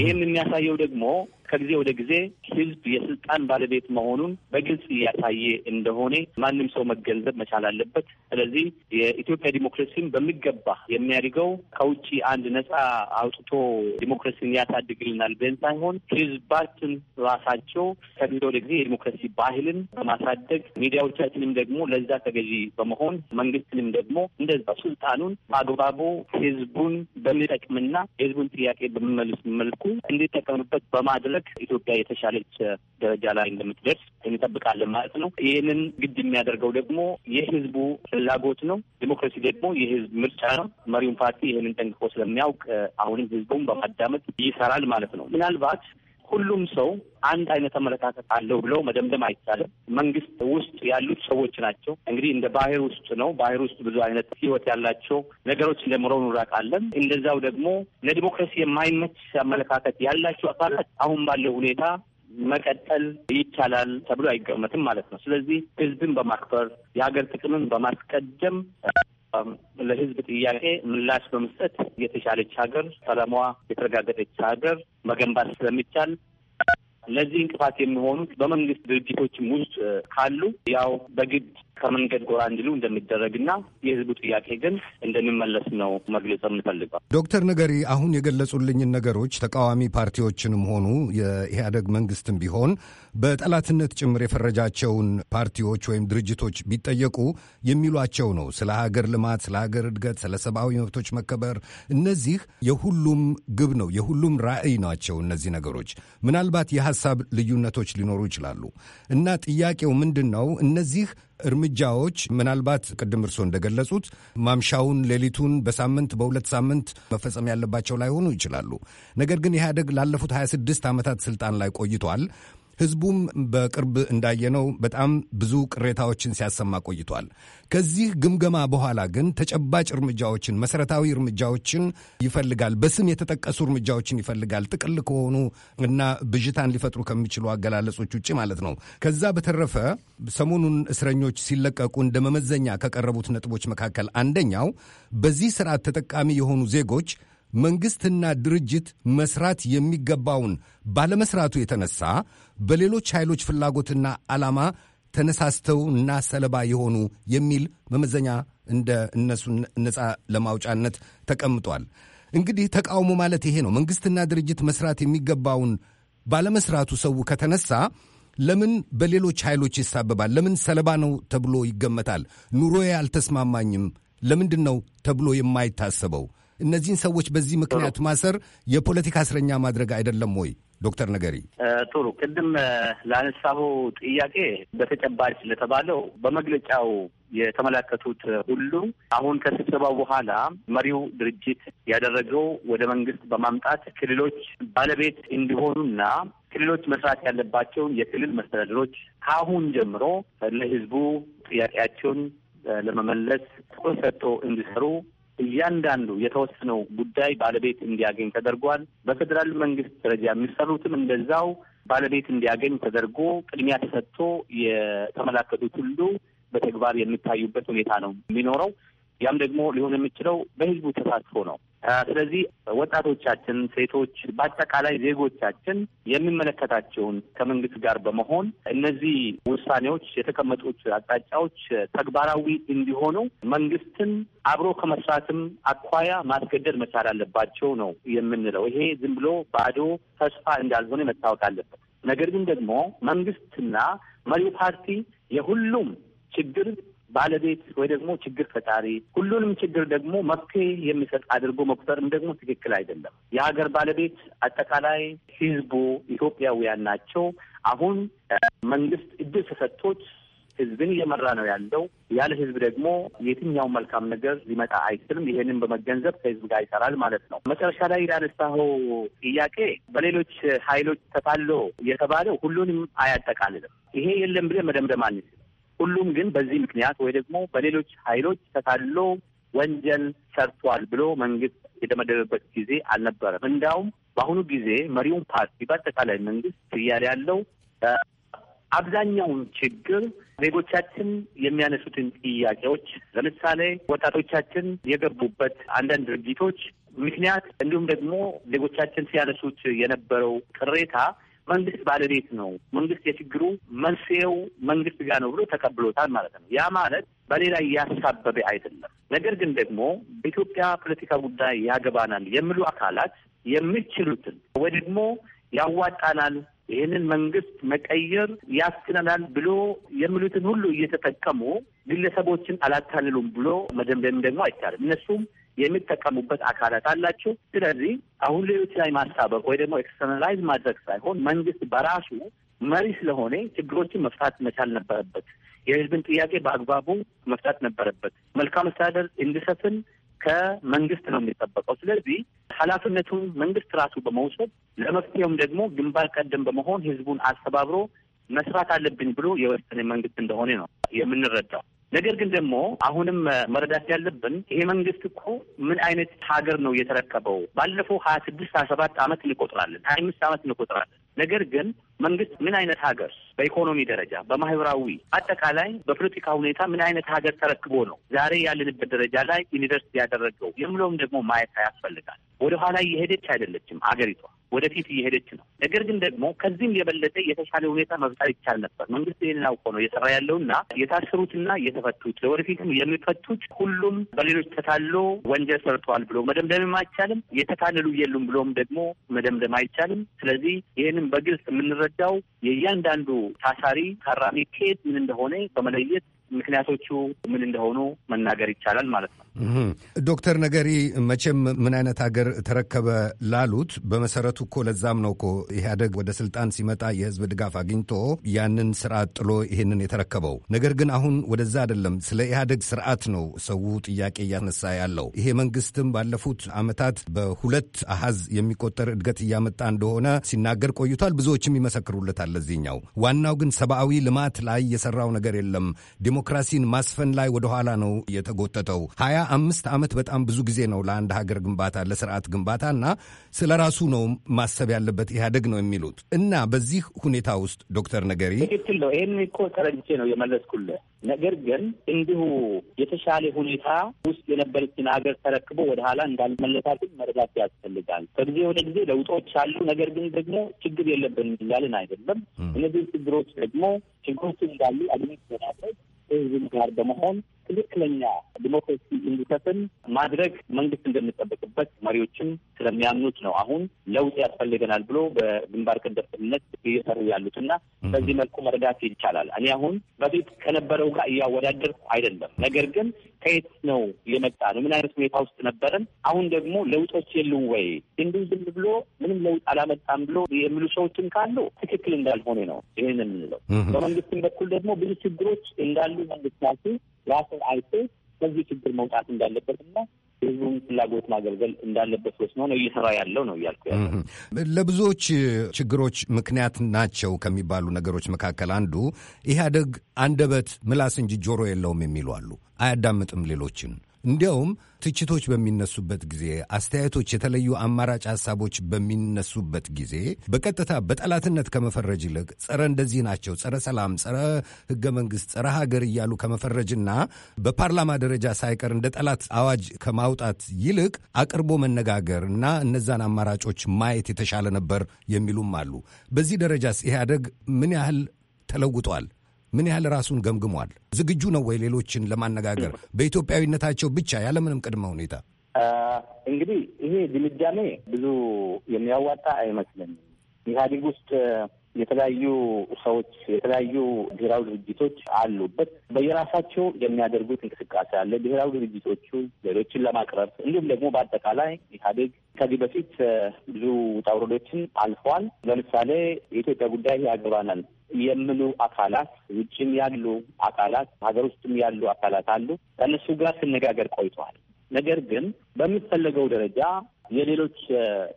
ይህን የሚያሳየው ደግሞ ከጊዜ ወደ ጊዜ ህዝብ የስልጣን ባለቤት መሆኑን በግልጽ እያሳየ እንደሆነ ማንም ሰው መገንዘብ መቻል አለበት። ስለዚህ የኢትዮጵያ ዲሞክራሲን በሚገባ የሚያድገው ከውጭ አንድ ነጻ አውጥቶ ዲሞክራሲን ያሳድግልናል ብን ሳይሆን ህዝባችን ራሳቸው ከጊዜ ወደ ጊዜ የዲሞክራሲ ባህልን በማሳደግ ሚዲያዎቻችንም ደግሞ ለዛ ተገዢ በመሆን መንግስትንም ደግሞ እንደዛ ስልጣኑን አግባቡ ህዝቡን በሚጠቅምና የህዝቡን ጥያቄ በሚመልስ መልኩ እንዲጠቀምበት በማድረግ በማድረግ ኢትዮጵያ የተሻለች ደረጃ ላይ እንደምትደርስ እንጠብቃለን ማለት ነው። ይህንን ግድ የሚያደርገው ደግሞ የህዝቡ ፍላጎት ነው። ዲሞክራሲ ደግሞ የህዝብ ምርጫ ነው። መሪውን ፓርቲ ይህንን ጠንቅቆ ስለሚያውቅ አሁንም ህዝቡን በማዳመጥ ይሰራል ማለት ነው። ምናልባት ሁሉም ሰው አንድ አይነት አመለካከት አለው ብለው መደምደም አይቻልም። መንግስት ውስጥ ያሉት ሰዎች ናቸው። እንግዲህ እንደ ባህር ውስጥ ነው። ባህር ውስጥ ብዙ አይነት ህይወት ያላቸው ነገሮች እንደምረው እንራቃለን። እንደዛው ደግሞ ለዲሞክራሲ የማይመች አመለካከት ያላቸው አካላት አሁን ባለው ሁኔታ መቀጠል ይቻላል ተብሎ አይገመትም ማለት ነው። ስለዚህ ህዝብን በማክበር የሀገር ጥቅምን በማስቀደም ለህዝብ ጥያቄ ምላሽ በመስጠት የተሻለች ሀገር፣ ሰላሟ የተረጋገጠች ሀገር መገንባት ስለሚቻል ለዚህ እንቅፋት የሚሆኑት በመንግስት ድርጅቶችም ውስጥ ካሉ ያው በግድ ከመንገድ ጎራ እንዲሉ እንደሚደረግና የህዝቡ ጥያቄ ግን እንደሚመለስ ነው መግለጽ የምፈልገው። ዶክተር ነገሪ አሁን የገለጹልኝን ነገሮች ተቃዋሚ ፓርቲዎችንም ሆኑ የኢህአደግ መንግስትም ቢሆን በጠላትነት ጭምር የፈረጃቸውን ፓርቲዎች ወይም ድርጅቶች ቢጠየቁ የሚሏቸው ነው። ስለ ሀገር ልማት፣ ስለ ሀገር እድገት፣ ስለ ሰብአዊ መብቶች መከበር፣ እነዚህ የሁሉም ግብ ነው፣ የሁሉም ራዕይ ናቸው። እነዚህ ነገሮች ምናልባት የሀሳብ ልዩነቶች ሊኖሩ ይችላሉ እና ጥያቄው ምንድን ነው እነዚህ እርምጃዎች ምናልባት ቅድም እርስዎ እንደገለጹት ማምሻውን፣ ሌሊቱን፣ በሳምንት በሁለት ሳምንት መፈጸም ያለባቸው ላይሆኑ ይችላሉ። ነገር ግን ኢህአደግ ላለፉት 26 ዓመታት ስልጣን ላይ ቆይቷል። ህዝቡም በቅርብ እንዳየነው በጣም ብዙ ቅሬታዎችን ሲያሰማ ቆይቷል። ከዚህ ግምገማ በኋላ ግን ተጨባጭ እርምጃዎችን፣ መሰረታዊ እርምጃዎችን ይፈልጋል። በስም የተጠቀሱ እርምጃዎችን ይፈልጋል። ጥቅል ከሆኑ እና ብዥታን ሊፈጥሩ ከሚችሉ አገላለጾች ውጭ ማለት ነው። ከዛ በተረፈ ሰሞኑን እስረኞች ሲለቀቁ እንደ መመዘኛ ከቀረቡት ነጥቦች መካከል አንደኛው በዚህ ስርዓት ተጠቃሚ የሆኑ ዜጎች መንግስትና ድርጅት መስራት የሚገባውን ባለመስራቱ የተነሳ በሌሎች ኃይሎች ፍላጎትና ዓላማ እና ሰለባ የሆኑ የሚል መመዘኛ እንደ እነሱ ነፃ ለማውጫነት ተቀምጧል። እንግዲህ ተቃውሞ ማለት ይሄ ነው። መንግስትና ድርጅት መስራት የሚገባውን ባለመስራቱ ሰው ከተነሳ ለምን በሌሎች ኃይሎች ይሳበባል? ለምን ሰለባ ነው ተብሎ ይገመታል? ኑሮዬ አልተስማማኝም ለምንድን ነው ተብሎ የማይታሰበው? እነዚህን ሰዎች በዚህ ምክንያት ማሰር የፖለቲካ እስረኛ ማድረግ አይደለም ወይ? ዶክተር ነገሪ ጥሩ። ቅድም ለአነሳሁ ጥያቄ በተጨባጭ ለተባለው በመግለጫው የተመለከቱት ሁሉ አሁን ከስብሰባው በኋላ መሪው ድርጅት ያደረገው ወደ መንግስት በማምጣት ክልሎች ባለቤት እንዲሆኑና ክልሎች መስራት ያለባቸውን የክልል መስተዳድሮች ከአሁን ጀምሮ ለህዝቡ ጥያቄያቸውን ለመመለስ ትኩረት ሰጥቶ እንዲሰሩ እያንዳንዱ የተወሰነው ጉዳይ ባለቤት እንዲያገኝ ተደርጓል። በፌዴራል መንግስት ደረጃ የሚሰሩትም እንደዛው ባለቤት እንዲያገኝ ተደርጎ ቅድሚያ ተሰጥቶ የተመላከቱት ሁሉ በተግባር የሚታዩበት ሁኔታ ነው የሚኖረው። ያም ደግሞ ሊሆን የሚችለው በህዝቡ ተሳትፎ ነው። ስለዚህ ወጣቶቻችን፣ ሴቶች፣ በአጠቃላይ ዜጎቻችን የሚመለከታቸውን ከመንግስት ጋር በመሆን እነዚህ ውሳኔዎች፣ የተቀመጡት አቅጣጫዎች ተግባራዊ እንዲሆኑ መንግስትን አብሮ ከመስራትም አኳያ ማስገደድ መቻል አለባቸው ነው የምንለው። ይሄ ዝም ብሎ ባዶ ተስፋ እንዳልሆነ መታወቅ አለበት። ነገር ግን ደግሞ መንግስትና መሪው ፓርቲ የሁሉም ችግር ባለቤት ወይ ደግሞ ችግር ፈጣሪ ሁሉንም ችግር ደግሞ መፍትሄ የሚሰጥ አድርጎ መቁጠርም ደግሞ ትክክል አይደለም። የሀገር ባለቤት አጠቃላይ ህዝቡ ኢትዮጵያውያን ናቸው። አሁን መንግስት እድል ተሰጥቶት ህዝብን እየመራ ነው ያለው። ያለ ህዝብ ደግሞ የትኛው መልካም ነገር ሊመጣ አይችልም። ይሄንን በመገንዘብ ከህዝብ ጋር ይሰራል ማለት ነው። መጨረሻ ላይ ላነሳኸው ጥያቄ በሌሎች ኃይሎች ተታሎ የተባለው ሁሉንም አያጠቃልልም። ይሄ የለም ብለን መደምደም አንችልም። ሁሉም ግን በዚህ ምክንያት ወይ ደግሞ በሌሎች ኃይሎች ተታሎ ወንጀል ሰርቷል ብሎ መንግስት የተመደበበት ጊዜ አልነበረም። እንዲያውም በአሁኑ ጊዜ መሪውን ፓርቲ በአጠቃላይ መንግስት እያለ ያለው አብዛኛውን ችግር ዜጎቻችን የሚያነሱትን ጥያቄዎች ለምሳሌ ወጣቶቻችን የገቡበት አንዳንድ ድርጊቶች ምክንያት እንዲሁም ደግሞ ዜጎቻችን ሲያነሱት የነበረው ቅሬታ መንግስት ባለቤት ነው። መንግስት የችግሩ መንስኤው መንግስት ጋር ነው ብሎ ተቀብሎታል ማለት ነው። ያ ማለት በሌላ እያሳበበ አይደለም። ነገር ግን ደግሞ በኢትዮጵያ ፖለቲካ ጉዳይ ያገባናል የሚሉ አካላት የሚችሉትን ወይ ደግሞ ያዋጣናል ይህንን መንግስት መቀየር ያስችለናል ብሎ የሚሉትን ሁሉ እየተጠቀሙ ግለሰቦችን አላታልሉም ብሎ መደምደም ደግሞ አይቻልም። እነሱም የሚጠቀሙበት አካላት አላቸው። ስለዚህ አሁን ሌሎች ላይ ማስታበቅ ወይ ደግሞ ኤክስተርናላይዝ ማድረግ ሳይሆን መንግስት በራሱ መሪ ስለሆነ ችግሮችን መፍታት መቻል ነበረበት። የህዝብን ጥያቄ በአግባቡ መፍታት ነበረበት። መልካም አስተዳደር እንዲሰፍን ከመንግስት ነው የሚጠበቀው። ስለዚህ ኃላፊነቱን መንግስት ራሱ በመውሰድ ለመፍትሄውም ደግሞ ግንባር ቀደም በመሆን ህዝቡን አስተባብሮ መስራት አለብኝ ብሎ የወሰነ መንግስት እንደሆነ ነው የምንረዳው። ነገር ግን ደግሞ አሁንም መረዳት ያለብን ይሄ መንግስት እኮ ምን አይነት ሀገር ነው የተረከበው? ባለፈው ሀያ ስድስት ሀያ ሰባት አመት እንቆጥራለን፣ ሀያ አምስት አመት እንቆጥራለን። ነገር ግን መንግስት ምን አይነት ሀገር በኢኮኖሚ ደረጃ በማህበራዊ አጠቃላይ በፖለቲካ ሁኔታ ምን አይነት ሀገር ተረክቦ ነው ዛሬ ያለንበት ደረጃ ላይ ዩኒቨርሲቲ ያደረገው የምለውም ደግሞ ማየት ያስፈልጋል። ወደኋላ እየሄደች አይደለችም አገሪቷ ወደፊት እየሄደች ነው። ነገር ግን ደግሞ ከዚህም የበለጠ የተሻለ ሁኔታ መፍጠር ይቻል ነበር። መንግስት ይህንን አውቆ ነው እየሰራ ያለውና የታሰሩትና የተፈቱት ለወደፊትም የሚፈቱት ሁሉም በሌሎች ተታሎ ወንጀል ሰርተዋል ብሎ መደምደምም አይቻልም። የተታለሉ የሉም ብሎም ደግሞ መደምደም አይቻልም። ስለዚህ ይህንም በግልጽ የምንረዳው የእያንዳንዱ ታሳሪ ታራሚ ከየት ምን እንደሆነ በመለየት ምክንያቶቹ ምን እንደሆኑ መናገር ይቻላል ማለት ነው። ዶክተር ነገሪ መቼም ምን አይነት ሀገር ተረከበ ላሉት በመሰረቱ እኮ ለዛም ነው እኮ ኢህአደግ ወደ ስልጣን ሲመጣ የህዝብ ድጋፍ አግኝቶ ያንን ስርዓት ጥሎ ይህንን የተረከበው። ነገር ግን አሁን ወደዛ አይደለም፣ ስለ ኢህአደግ ስርዓት ነው ሰው ጥያቄ እያነሳ ያለው። ይሄ መንግስትም ባለፉት አመታት በሁለት አሃዝ የሚቆጠር እድገት እያመጣ እንደሆነ ሲናገር ቆይቷል። ብዙዎችም ይመሰክሩለታል። ለዚህኛው ዋናው ግን ሰብአዊ ልማት ላይ የሰራው ነገር የለም ዲሞክራሲን ማስፈን ላይ ወደኋላ ነው የተጎተተው። ሀያ አምስት ዓመት በጣም ብዙ ጊዜ ነው ለአንድ ሀገር ግንባታ ለስርዓት ግንባታ እና ስለ ራሱ ነው ማሰብ ያለበት ኢህአደግ ነው የሚሉት እና በዚህ ሁኔታ ውስጥ ዶክተር ነገሪ ትክክል ነው። ይህን እኮ ተረድቼ ነው የመለስኩልህ። ነገር ግን እንዲሁ የተሻለ ሁኔታ ውስጥ የነበረችን ሀገር ተረክቦ ወደ ኋላ እንዳልመለሳትን መረዳት ያስፈልጋል። ከጊዜ ወደ ጊዜ ለውጦች አሉ። ነገር ግን ደግሞ ችግር የለብንም እያልን አይደለም። እነዚህ ችግሮች ደግሞ ችግሮች እንዳሉ አድሚት በማድረግ ህዝብም ጋር በመሆን ትክክለኛ ዲሞክራሲ እንዲሰፍን ማድረግ መንግስት እንደሚጠበቅበት መሪዎችም ስለሚያምኑት ነው። አሁን ለውጥ ያስፈልገናል ብሎ በግንባር ቀደምትነት እየሰሩ ያሉትና በዚህ መልኩ መረዳት ይቻላል። እኔ አሁን በፊት ከነበረው ከሰው ጋር እያወዳደርኩ አይደለም። ነገር ግን ከየት ነው የመጣ ነው? ምን አይነት ሁኔታ ውስጥ ነበረን? አሁን ደግሞ ለውጦች የሉም ወይ? እንዲሁ ዝም ብሎ ምንም ለውጥ አላመጣም ብሎ የሚሉ ሰዎችም ካሉ ትክክል እንዳልሆነ ነው ይህን የምንለው። በመንግስትም በኩል ደግሞ ብዙ ችግሮች እንዳሉ መንግስት ራስን አይቶ ከዚህ ችግር መውጣት እንዳለበትና የህዝቡን ፍላጎት ማገልገል እንዳለበት ወስኖ ነው እየሰራ ያለው ነው እያልኩ ያለ። ለብዙዎች ችግሮች ምክንያት ናቸው ከሚባሉ ነገሮች መካከል አንዱ ኢህአደግ አንደበት ምላስ እንጂ ጆሮ የለውም የሚሉ አሉ። አያዳምጥም ሌሎችን እንዲያውም ትችቶች በሚነሱበት ጊዜ፣ አስተያየቶች፣ የተለዩ አማራጭ ሀሳቦች በሚነሱበት ጊዜ በቀጥታ በጠላትነት ከመፈረጅ ይልቅ ጸረ እንደዚህ ናቸው፣ ጸረ ሰላም፣ ጸረ ህገ መንግሥት፣ ጸረ ሀገር እያሉ ከመፈረጅና በፓርላማ ደረጃ ሳይቀር እንደ ጠላት አዋጅ ከማውጣት ይልቅ አቅርቦ መነጋገር እና እነዛን አማራጮች ማየት የተሻለ ነበር የሚሉም አሉ። በዚህ ደረጃስ ኢህአደግ ምን ያህል ተለውጧል? ምን ያህል ራሱን ገምግሟል? ዝግጁ ነው ወይ ሌሎችን ለማነጋገር በኢትዮጵያዊነታቸው ብቻ ያለምንም ቅድመ ሁኔታ? እንግዲህ ይሄ ድምዳሜ ብዙ የሚያዋጣ አይመስለኝም። ኢህአዴግ ውስጥ የተለያዩ ሰዎች የተለያዩ ብሔራዊ ድርጅቶች አሉበት። በየራሳቸው የሚያደርጉት እንቅስቃሴ አለ። ብሔራዊ ድርጅቶቹ ሌሎችን ለማቅረብ እንዲሁም ደግሞ በአጠቃላይ ኢህአዴግ ከዚህ በፊት ብዙ ውጣ ውረዶችን አልፏል። ለምሳሌ የኢትዮጵያ ጉዳይ ያገባናል የምሉ አካላት ውጭም ያሉ አካላት ሀገር ውስጥም ያሉ አካላት አሉ። ከእነሱ ጋር ስነጋገር ቆይተዋል። ነገር ግን በሚፈለገው ደረጃ የሌሎች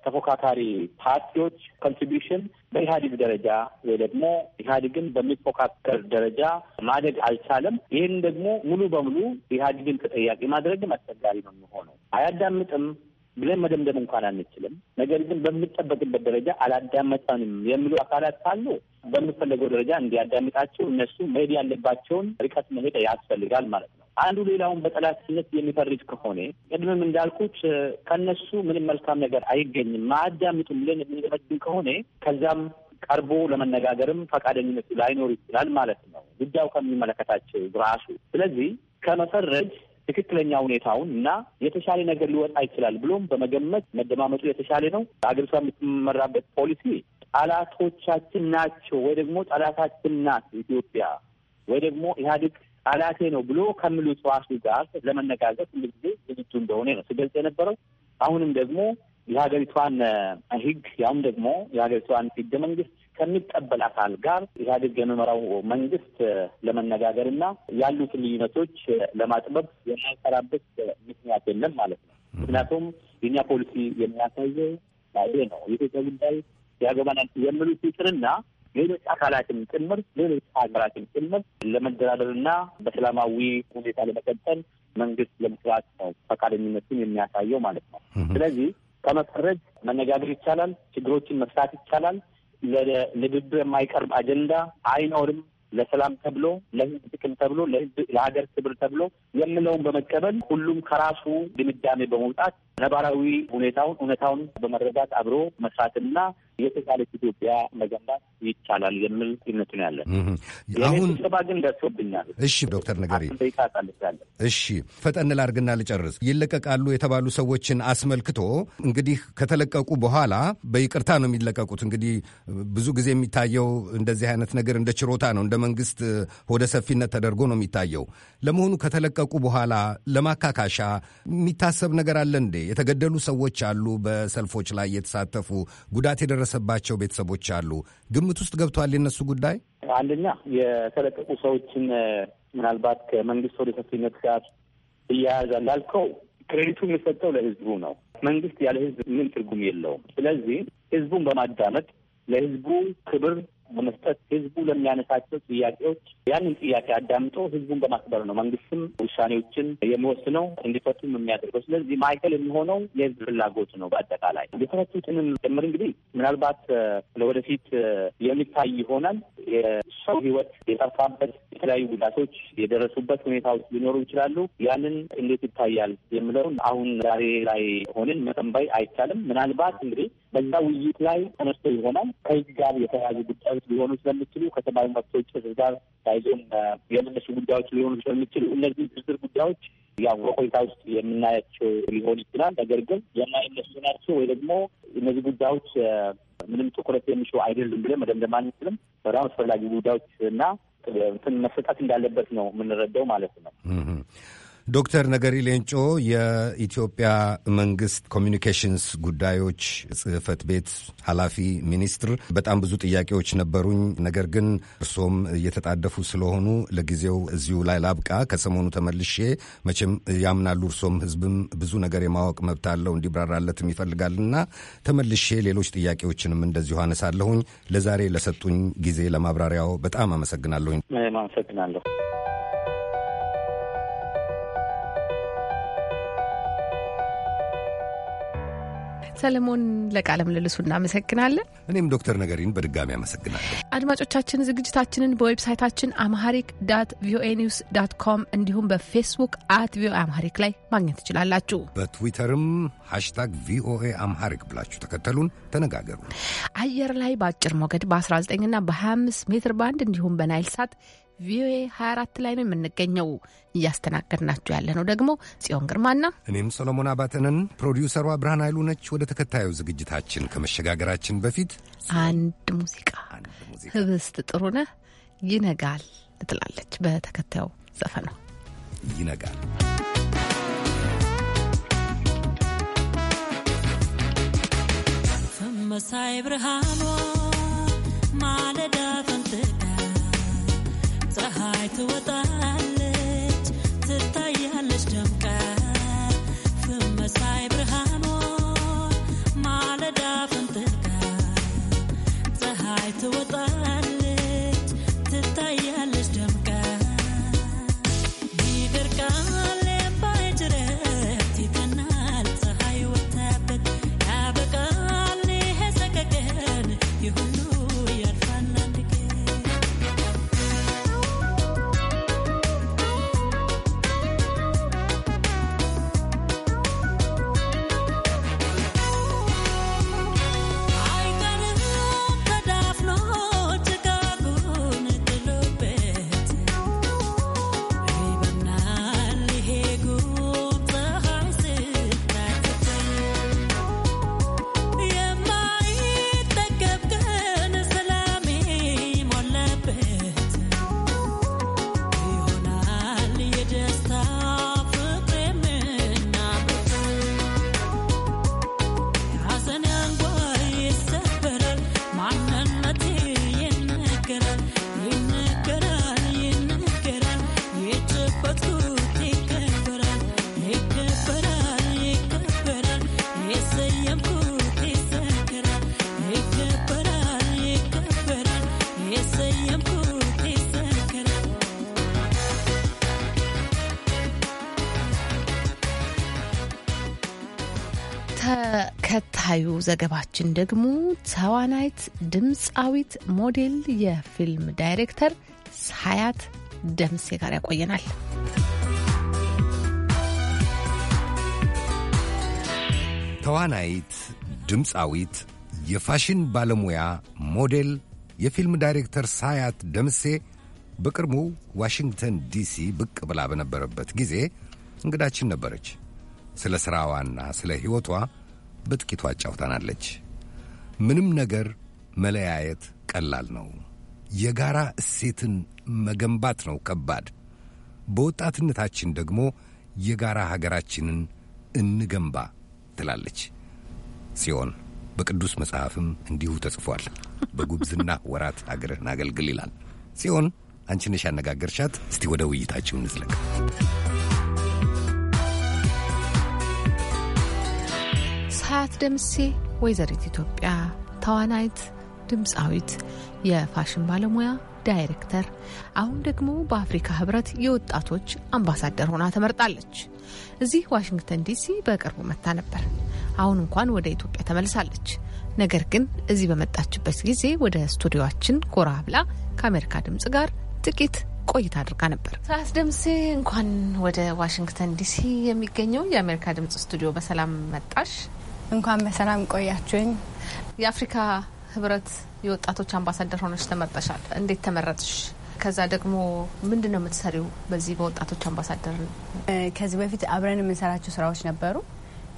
ተፎካካሪ ፓርቲዎች ኮንትሪቢሽን በኢህአዴግ ደረጃ ወይ ደግሞ ኢህአዴግን በሚፎካከር ደረጃ ማደግ አልቻለም። ይህን ደግሞ ሙሉ በሙሉ ኢህአዴግን ተጠያቂ ማድረግም አስቸጋሪ ነው የሚሆነው። አያዳምጥም ብለን መደምደም እንኳን አንችልም። ነገር ግን በሚጠበቅበት ደረጃ አላዳመጠንም የሚሉ አካላት ካሉ በምፈለገው ደረጃ እንዲያዳምጣቸው እነሱ መሄድ ያለባቸውን ርቀት መሄድ ያስፈልጋል ማለት ነው። አንዱ ሌላውን በጠላትነት የሚፈርጅ ከሆነ ቅድምም እንዳልኩት ከነሱ ምንም መልካም ነገር አይገኝም። አያዳምጡም ብለን የምንፈጅም ከሆነ ከዛም ቀርቦ ለመነጋገርም ፈቃደኝነቱ ላይኖር ይችላል ማለት ነው ጉዳዩ ከሚመለከታቸው ራሱ። ስለዚህ ከመፈረጅ ትክክለኛ ሁኔታውን እና የተሻለ ነገር ሊወጣ ይችላል ብሎም በመገመት መደማመጡ የተሻለ ነው። አገሪቷ የምትመራበት ፖሊሲ ጠላቶቻችን ናቸው ወይ ደግሞ ጠላታችን ናት ኢትዮጵያ ወይ ደግሞ ኢህአዴግ ጠላቴ ነው ብሎ ከሚሉ ጽዋሱ ጋር ለመነጋገር ሁሉ ጊዜ ዝግጁ እንደሆነ ነው ስገልጽ የነበረው። አሁንም ደግሞ የሀገሪቷን ህግ ያውም ደግሞ የሀገሪቷን ህገ መንግስት ከሚቀበል አካል ጋር ኢህአዴግ የሚመራው መንግስት ለመነጋገር ለመነጋገርና ያሉትን ልዩነቶች ለማጥበብ የማይሰራበት ምክንያት የለም ማለት ነው። ምክንያቱም የኛ ፖሊሲ የሚያሳየው ይሄ ነው። የኢትዮጵያ ጉዳይ ያገባናል የሚሉት ይቅርና ሌሎች አካላትን ጭምር ሌሎች ሀገራትን ጭምር ለመደራደርና በሰላማዊ ሁኔታ ለመቀጠል መንግስት ለመስራት ነው ፈቃደኝነቱን የሚያሳየው ማለት ነው። ስለዚህ ከመፈረጅ መነጋገር ይቻላል። ችግሮችን መፍታት ይቻላል። ለንግግር የማይቀርብ አጀንዳ አይኖርም። ለሰላም ተብሎ ለህዝብ ጥቅም ተብሎ ለህዝብ ለሀገር ክብር ተብሎ የምለውን በመቀበል ሁሉም ከራሱ ድምዳሜ በመውጣት ነባራዊ ሁኔታውን እውነታውን በመረዳት አብሮ መስራትና የተሻለች ኢትዮጵያ መገንባት ይቻላል የሚል እምነት ነው ያለን። አሁን ስብሰባ ግን ደርሶብኛል። እሺ ዶክተር ነገሪ እሺ ፈጠን ላድርግና ልጨርስ። ይለቀቃሉ የተባሉ ሰዎችን አስመልክቶ እንግዲህ ከተለቀቁ በኋላ በይቅርታ ነው የሚለቀቁት። እንግዲህ ብዙ ጊዜ የሚታየው እንደዚህ አይነት ነገር እንደ ችሮታ ነው፣ እንደ መንግስት ሆደ ሰፊነት ተደርጎ ነው የሚታየው። ለመሆኑ ከተለቀቁ በኋላ ለማካካሻ የሚታሰብ ነገር አለ እንዴ? የተገደሉ ሰዎች አሉ፣ በሰልፎች ላይ የተሳተፉ ጉዳት የደረሰባቸው ቤተሰቦች አሉ። ግምት ውስጥ ገብቷል የነሱ ጉዳይ? አንደኛ የተለቀቁ ሰዎችን ምናልባት ከመንግስት ወደ ሰፊነት ጋር እያያዛል ላልከው ክሬዲቱ የሚሰጠው ለህዝቡ ነው። መንግስት ያለ ህዝብ ምን ትርጉም የለውም። ስለዚህ ህዝቡን በማዳመጥ ለህዝቡ ክብር በመስጠት ህዝቡ ለሚያነሳቸው ጥያቄዎች ያንን ጥያቄ አዳምጦ ህዝቡን በማክበር ነው መንግስትም ውሳኔዎችን የሚወስነው እንዲፈቱም የሚያደርገው። ስለዚህ ማዕከል የሚሆነው የህዝብ ፍላጎት ነው። በአጠቃላይ የተፈቱትንም ጭምር እንግዲህ ምናልባት ለወደፊት የሚታይ ይሆናል። የሰው ህይወት የጠፋበት የተለያዩ ጉዳቶች የደረሱበት ሁኔታዎች ሊኖሩ ይችላሉ። ያንን እንዴት ይታያል የሚለውን አሁን ዛሬ ላይ ሆንን መጠንባይ አይቻልም። ምናልባት እንግዲህ በዛ ውይይት ላይ ተነስቶ ይሆናል ከህግ ጋር የተያያዙ ጉዳዮች ሊሆኑ ስለሚችሉ ከሰብአዊ መብቶች ጋር ታይዞም የምነሱ ጉዳዮች ሊሆኑ ስለሚችሉ እነዚህ ዝርዝር ጉዳዮች ያው በቆይታ ውስጥ የምናያቸው ሊሆን ይችላል። ነገር ግን የማይነሱ ናቸው ወይ ደግሞ እነዚህ ጉዳዮች ምንም ትኩረት የሚሹ አይደሉም ብለን መደምደም አንችልም። በጣም አስፈላጊ ጉዳዮች እና እንትን መሰጣት እንዳለበት ነው የምንረዳው ማለት ነው። ዶክተር ነገሪ ሌንጮ የኢትዮጵያ መንግስት ኮሚኒኬሽንስ ጉዳዮች ጽህፈት ቤት ኃላፊ ሚኒስትር፣ በጣም ብዙ ጥያቄዎች ነበሩኝ። ነገር ግን እርሶም እየተጣደፉ ስለሆኑ ለጊዜው እዚሁ ላይ ላብቃ። ከሰሞኑ ተመልሼ መቼም ያምናሉ እርሶም ህዝብም ብዙ ነገር የማወቅ መብት አለው እንዲብራራለትም ይፈልጋልና ተመልሼ ሌሎች ጥያቄዎችንም እንደዚሁ አነሳለሁኝ። ለዛሬ ለሰጡኝ ጊዜ ለማብራሪያው በጣም አመሰግናለሁኝ። አመሰግናለሁ። ሰለሞን ለቃለ ምልልሱ እናመሰግናለን። እኔም ዶክተር ነገሪን በድጋሚ አመሰግናለን። አድማጮቻችን ዝግጅታችንን በዌብሳይታችን አምሃሪክ ዳት ቪኦኤ ኒውስ ዳት ኮም እንዲሁም በፌስቡክ አት ቪኦኤ አምሃሪክ ላይ ማግኘት ትችላላችሁ። በትዊተርም ሃሽታግ ቪኦኤ አምሃሪክ ብላችሁ ተከተሉን፣ ተነጋገሩ። አየር ላይ በአጭር ሞገድ በ19ና በ25 ሜትር ባንድ እንዲሁም በናይል ሳት ቪኦኤ 24 ላይ ነው የምንገኘው። እያስተናገድናችሁ ያለ ነው ደግሞ ጽዮን ግርማና እኔም ሰሎሞን አባተንን። ፕሮዲውሰሯ ብርሃን ኃይሉ ነች። ወደ ተከታዩ ዝግጅታችን ከመሸጋገራችን በፊት አንድ ሙዚቃ ህብስት ጥሩነህ ይነጋል ትላለች። በተከታዩ ዘፈነው ይነጋል መሳይ ብርሃኗ ማለዳ ፈንጥቃ ፀሐይ ትወጣለች ትታያለች ደምቃ ፍመሳይ ብርሃኖ ማለዳ ፍንጥቃ ዘገባችን ደግሞ ተዋናይት፣ ድምፃዊት፣ ሞዴል፣ የፊልም ዳይሬክተር ሳያት ደምሴ ጋር ያቆየናል። ተዋናይት፣ ድምፃዊት፣ የፋሽን ባለሙያ፣ ሞዴል፣ የፊልም ዳይሬክተር ሳያት ደምሴ በቅርቡ ዋሽንግተን ዲሲ ብቅ ብላ በነበረበት ጊዜ እንግዳችን ነበረች። ስለ ሥራዋና ስለ ሕይወቷ በጥቂቱ አጫውታናለች። ምንም ነገር መለያየት ቀላል ነው። የጋራ እሴትን መገንባት ነው ከባድ። በወጣትነታችን ደግሞ የጋራ ሀገራችንን እንገንባ ትላለች ሲሆን በቅዱስ መጽሐፍም እንዲሁ ተጽፏል። በጉብዝና ወራት አገርህን አገልግል ይላል። ሲሆን አንቺ ነሽ ያነጋገርሻት። እስቲ ወደ ውይይታችሁ እንዝለቅ። ሀያት ደምሴ ወይዘሪት ኢትዮጵያ ተዋናይት፣ ድምፃዊት፣ የፋሽን ባለሙያ፣ ዳይሬክተር አሁን ደግሞ በአፍሪካ ህብረት የወጣቶች አምባሳደር ሆና ተመርጣለች። እዚህ ዋሽንግተን ዲሲ በቅርቡ መታ ነበር። አሁን እንኳን ወደ ኢትዮጵያ ተመልሳለች። ነገር ግን እዚህ በመጣችበት ጊዜ ወደ ስቱዲዮችን ጎራ ብላ ከአሜሪካ ድምጽ ጋር ጥቂት ቆይታ አድርጋ ነበር። ሰዓት ደምሴ እንኳን ወደ ዋሽንግተን ዲሲ የሚገኘው የአሜሪካ ድምጽ ስቱዲዮ በሰላም መጣሽ። እንኳን በሰላም ቆያችሁኝ። የአፍሪካ ህብረት የወጣቶች አምባሳደር ሆነች ተመርጠሻል። እንዴት ተመረጥሽ? ከዛ ደግሞ ምንድን ነው የምትሰሪው በዚህ በወጣቶች አምባሳደር? ከዚህ በፊት አብረን የምንሰራቸው ስራዎች ነበሩ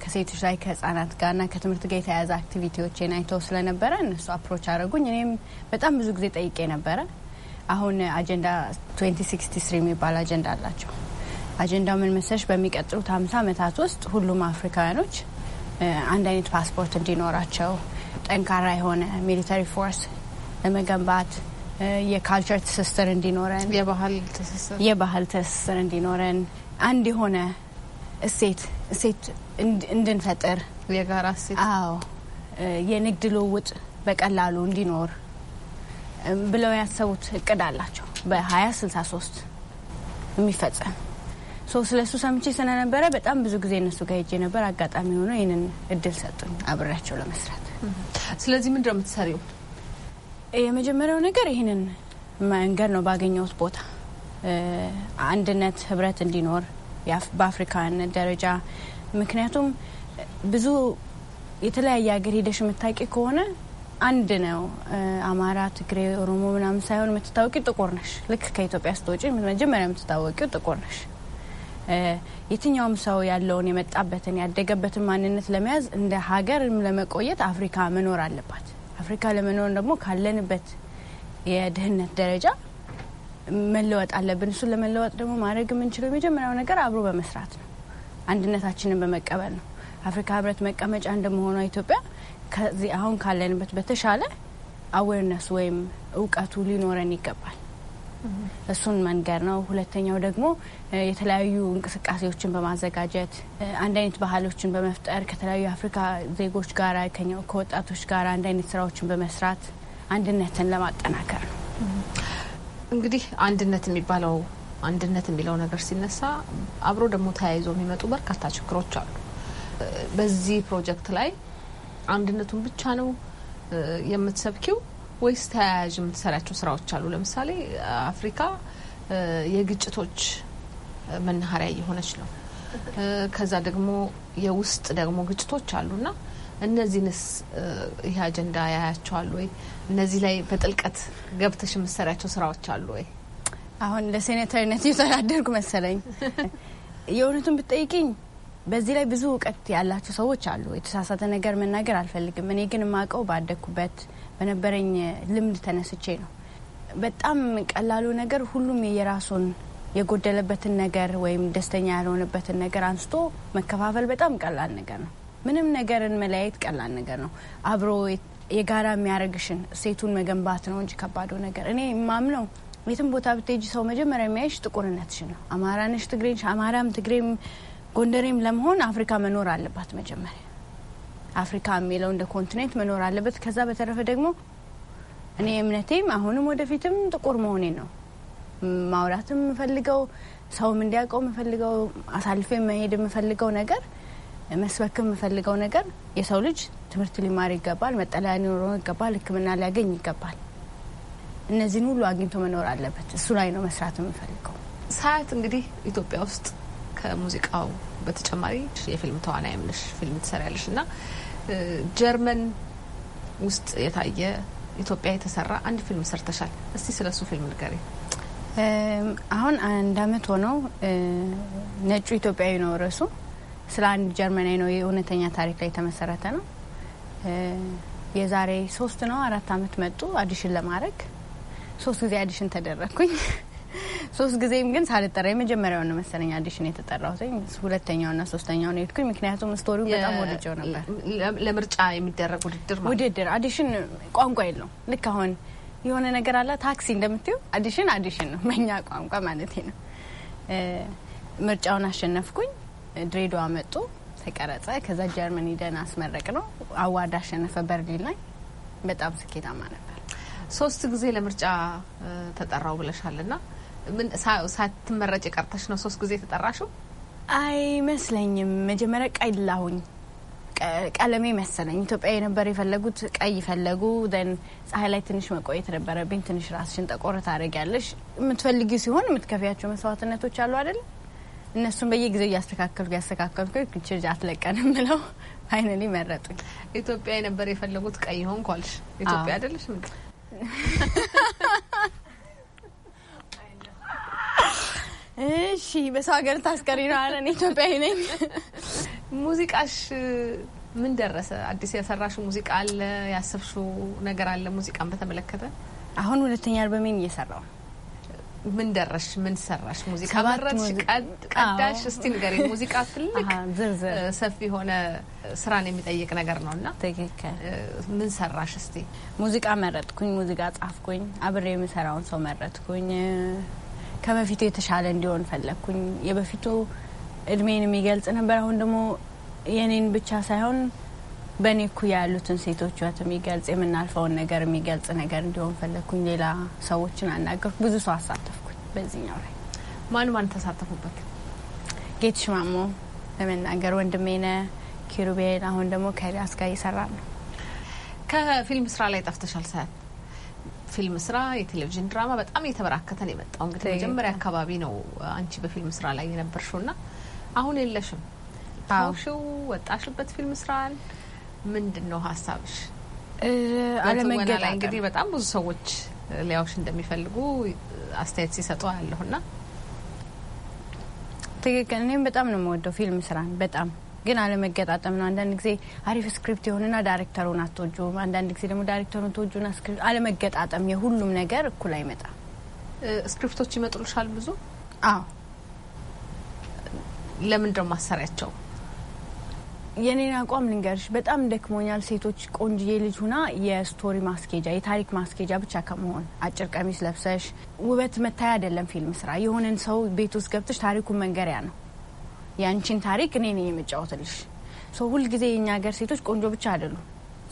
ከሴቶች ላይ ከህጻናት ና ከትምህርት ጋር የተያያዘ አክቲቪቲዎችን አይተው ስለነበረ እነሱ አፕሮች አድረጉኝ። እኔም በጣም ብዙ ጊዜ ጠይቄ ነበረ። አሁን አጀንዳ 2063 የሚባል አጀንዳ አላቸው። አጀንዳው ምን መሰለሽ፣ በሚቀጥሉት ሀምሳ ዓመታት ውስጥ ሁሉም አፍሪካውያኖች አንድ አይነት ፓስፖርት እንዲኖራቸው ጠንካራ የሆነ ሚሊተሪ ፎርስ ለመገንባት የካልቸር ትስስር እንዲኖረን የባህል ትስስር እንዲኖረን አንድ የሆነ እሴት እሴት እንድንፈጥር የጋራ እሴት አዎ የንግድ ልውውጥ በቀላሉ እንዲኖር ብለው ያሰቡት እቅድ አላቸው በ2063 የሚፈጸም ስለ እሱ ሰምቼ ስለነበረ በጣም ብዙ ጊዜ እነሱ ጋር ሄጄ ነበር። አጋጣሚ ሆኖ ይህንን እድል ሰጡኝ አብሬያቸው ለመስራት። ስለዚህ ምንድን የምትሰሪው? የመጀመሪያው ነገር ይህንን መንገድ ነው ባገኘሁት ቦታ አንድነት፣ ህብረት እንዲኖር በአፍሪካነት ደረጃ ምክንያቱም ብዙ የተለያየ ሀገር ሄደሽ የምታውቂ ከሆነ አንድ ነው አማራ፣ ትግሬ፣ ኦሮሞ ምናምን ሳይሆን የምትታወቂ ጥቁር ነሽ። ልክ ከኢትዮጵያ ስትወጪ መጀመሪያ የምትታወቂው ጥቁር ነሽ። የትኛውም ሰው ያለውን የመጣበትን ያደገበትን ማንነት ለመያዝ እንደ ሀገርም ለመቆየት አፍሪካ መኖር አለባት። አፍሪካ ለመኖር ደግሞ ካለንበት የድህነት ደረጃ መለወጥ አለብን። እሱን ለመለወጥ ደግሞ ማድረግ የምንችለው የመጀመሪያው ነገር አብሮ በመስራት ነው። አንድነታችንን በመቀበል ነው። አፍሪካ ህብረት መቀመጫ እንደመሆኗ ኢትዮጵያ ከዚህ አሁን ካለንበት በተሻለ አዌርነስ ወይም እውቀቱ ሊኖረን ይገባል። እሱን መንገድ ነው። ሁለተኛው ደግሞ የተለያዩ እንቅስቃሴዎችን በማዘጋጀት አንድ አይነት ባህሎችን በመፍጠር ከተለያዩ የአፍሪካ ዜጎች ጋር ከወጣቶች ጋር አንድ አይነት ስራዎችን በመስራት አንድነትን ለማጠናከር ነው። እንግዲህ አንድነት የሚባለው አንድነት የሚለው ነገር ሲነሳ አብሮ ደግሞ ተያይዞ የሚመጡ በርካታ ችግሮች አሉ። በዚህ ፕሮጀክት ላይ አንድነቱን ብቻ ነው የምትሰብኪው ወይስ ተያያዥ የምትሰራቸው ስራዎች አሉ? ለምሳሌ አፍሪካ የግጭቶች መናኸሪያ እየሆነች ነው። ከዛ ደግሞ የውስጥ ደግሞ ግጭቶች አሉና እነዚህንስ ይህ አጀንዳ ያያቸዋል ወይ? እነዚህ ላይ በጥልቀት ገብተሽ የምትሰሪያቸው ስራዎች አሉ ወይ? አሁን ለሴኔተርነት እየተወዳደርኩ መሰለኝ። የእውነቱን ብትጠይቅኝ በዚህ ላይ ብዙ እውቀት ያላቸው ሰዎች አሉ። የተሳሳተ ነገር መናገር አልፈልግም። እኔ ግን የማውቀው ባደግኩበት በነበረኝ ልምድ ተነስቼ ነው። በጣም ቀላሉ ነገር ሁሉም የየራሱን የጎደለበትን ነገር ወይም ደስተኛ ያልሆነበትን ነገር አንስቶ መከፋፈል በጣም ቀላል ነገር ነው። ምንም ነገርን መለያየት ቀላል ነገር ነው። አብሮ የጋራ የሚያደርግሽን ሴቱን መገንባት ነው እንጂ ከባዱ ነገር እኔ የማምነው የትም ቦታ ብትሄጂ ሰው መጀመሪያ የሚያይሽ ጥቁርነትሽ ነው። አማራነሽ፣ ትግሬንሽ፣ አማራም ትግሬም ጎንደሬም ለመሆን አፍሪካ መኖር አለባት መጀመሪያ አፍሪካ የሚለው እንደ ኮንቲኔንት መኖር አለበት። ከዛ በተረፈ ደግሞ እኔ እምነቴም አሁንም ወደፊትም ጥቁር መሆኔ ነው ማውራትም የምፈልገው ሰውም እንዲያውቀው የምፈልገው አሳልፌ መሄድ የምፈልገው ነገር መስበክ የምፈልገው ነገር የሰው ልጅ ትምህርት ሊማር ይገባል፣ መጠለያ ሊኖረ ይገባል፣ ሕክምና ሊያገኝ ይገባል። እነዚህን ሁሉ አግኝቶ መኖር አለበት። እሱ ላይ ነው መስራት የምፈልገው። ሰዓት እንግዲህ ኢትዮጵያ ውስጥ ከሙዚቃው በተጨማሪ የፊልም ተዋናይም ነሽ፣ ፊልም ትሰሪያለሽ እና ጀርመን ውስጥ የታየ ኢትዮጵያ የተሰራ አንድ ፊልም ሰርተሻል። እስቲ ስለ እሱ ፊልም ንገሪ። አሁን አንድ አመት ሆነው። ነጩ ኢትዮጵያዊ ነው ርዕሱ። ስለ አንድ ጀርመናዊ ነው። የእውነተኛ ታሪክ ላይ የተመሰረተ ነው። የዛሬ ሶስት ነው አራት አመት መጡ አዲሽን ለማድረግ ሶስት ጊዜ አዲሽን ተደረግኩኝ። ሶስት ጊዜም ግን ሳልጠራ የመጀመሪያው ነው መሰለኝ አዲሽን የተጠራሁት። ሶስተኛው ነው የሄድኩኝ ምክንያቱም ስቶሪውን በጣም ወድጀው ነበር። ለምርጫ የሚደረግ ውድድር ውድድር አዲሽን ቋንቋ የለው ልክ አሁን የሆነ ነገር አለ ታክሲ እንደምትዩ አዲሽን አዲሽን ነው በእኛ ቋንቋ ማለት ነው። ምርጫውን አሸነፍኩኝ። ድሬዳዋ መጡ፣ ተቀረጸ። ከዛ ጀርመን ሂደን አስመረቅ ነው። አዋርድ አሸነፈ በርሊን ላይ። በጣም ስኬታማ ነበር። ሶስት ጊዜ ለምርጫ ተጠራው ብለሻል ና ምን ሳትመረጭ ቀርተሽ ነው ሶስት ጊዜ የተጠራሽው? አይመስለኝም። መጀመሪያ ላሁኝ ቀለሜ መሰለኝ። ኢትዮጵያ የነበር የፈለጉት፣ ቀይ ፈለጉ። ን ፀሐይ ላይ ትንሽ መቆየት ነበረብኝ። ትንሽ ራስሽን ጠቆር ታደርጊያለሽ። የምትፈልጊ ሲሆን የምትከፍያቸው መስዋዕትነቶች አሉ አይደለም? እነሱን በየጊዜው እያስተካከልኩ ያስተካከልኩ ፒክቸር አትለቀንም ብለው ፋይናሊ መረጡኝ። ኢትዮጵያ ነበር የፈለጉት፣ ቀይ ሆንኩ አልሽ። ኢትዮጵያ አይደለሽ? እሺ፣ በሰው ሀገር ታስቀሪ ነው። አለን። ኢትዮጵያዊ ነኝ። ሙዚቃሽ ምን ደረሰ? አዲስ የሰራሽ ሙዚቃ አለ? ያሰብሽው ነገር አለ? ሙዚቃን በተመለከተ አሁን ሁለተኛ አልበሜን እየሰራው ምን ደረሽ? ምን ሰራሽ? ሙዚቃ መረጥሽ? ቀዳሽ? እስቲ ንገሪ። ሙዚቃ ትልቅ ዝርዝር ሰፊ የሆነ ስራን የሚጠይቅ ነገር ነው እና ትክክል። ምን ሰራሽ? እስቲ ሙዚቃ መረጥኩኝ፣ ሙዚቃ ጻፍኩኝ፣ አብሬ የሚሰራውን ሰው መረጥኩኝ። ከበፊቱ የተሻለ እንዲሆን ፈለግኩኝ። የበፊቱ እድሜን የሚገልጽ ነበር። አሁን ደግሞ የኔን ብቻ ሳይሆን በእኔ እኩያ ያሉትን ሴቶች ህይወት የሚገልጽ የምናልፈውን ነገር የሚገልጽ ነገር እንዲሆን ፈለግኩኝ። ሌላ ሰዎችን አናገርኩ፣ ብዙ ሰው አሳተፍኩኝ። በዚህኛው ላይ ማን ማን ተሳተፉበት? ጌትሽ ማሞ ለመናገር ወንድሜነ፣ ኪሩቤል አሁን ደግሞ ከሪያስ ጋር እየሰራ ነው። ከፊልም ስራ ላይ ጠፍተሻል ሰት ፊልም ስራ፣ የቴሌቪዥን ድራማ በጣም እየተበራከተ ነው የመጣው። እንግዲህ መጀመሪያ አካባቢ ነው አንቺ በፊልም ስራ ላይ ና አሁን የለሽም። ታውሽው ወጣሽበት ፊልም ስራል ምንድን ነው ሀሳብሽ? አለመገላ እንግዲህ በጣም ብዙ ሰዎች ሊያውሽ እንደሚፈልጉ አስተያየት ሲሰጡ አለሁና ትክክል። እኔም በጣም ነው የምወደው ፊልም ስራን በጣም ግን አለመገጣጠም ነው። አንዳንድ ጊዜ አሪፍ ስክሪፕት የሆንና ዳይሬክተሩን አትወጂውም። አንዳንድ ጊዜ ደግሞ ዳይሬክተሩን ትወጂውና ስክሪፕት አለመገጣጠም፣ የሁሉም ነገር እኩል አይመጣም። ስክሪፕቶች ይመጡልሻል ብዙ? አዎ። ለምንድነው ማሰሪያቸው? የኔን አቋም ልንገርሽ፣ በጣም ደክሞኛል። ሴቶች ቆንጅዬ ልጅ ሁና የስቶሪ ማስኬጃ የታሪክ ማስኬጃ ብቻ ከመሆን አጭር ቀሚስ ለብሰሽ ውበት መታያ አይደለም ፊልም ስራ። የሆነን ሰው ቤት ውስጥ ገብተሽ ታሪኩን መንገሪያ ነው። ያንቺን ታሪክ እኔ ነኝ የምጫወትልሽ። ሰው ሁልጊዜ የኛ ሀገር ሴቶች ቆንጆ ብቻ አይደሉም።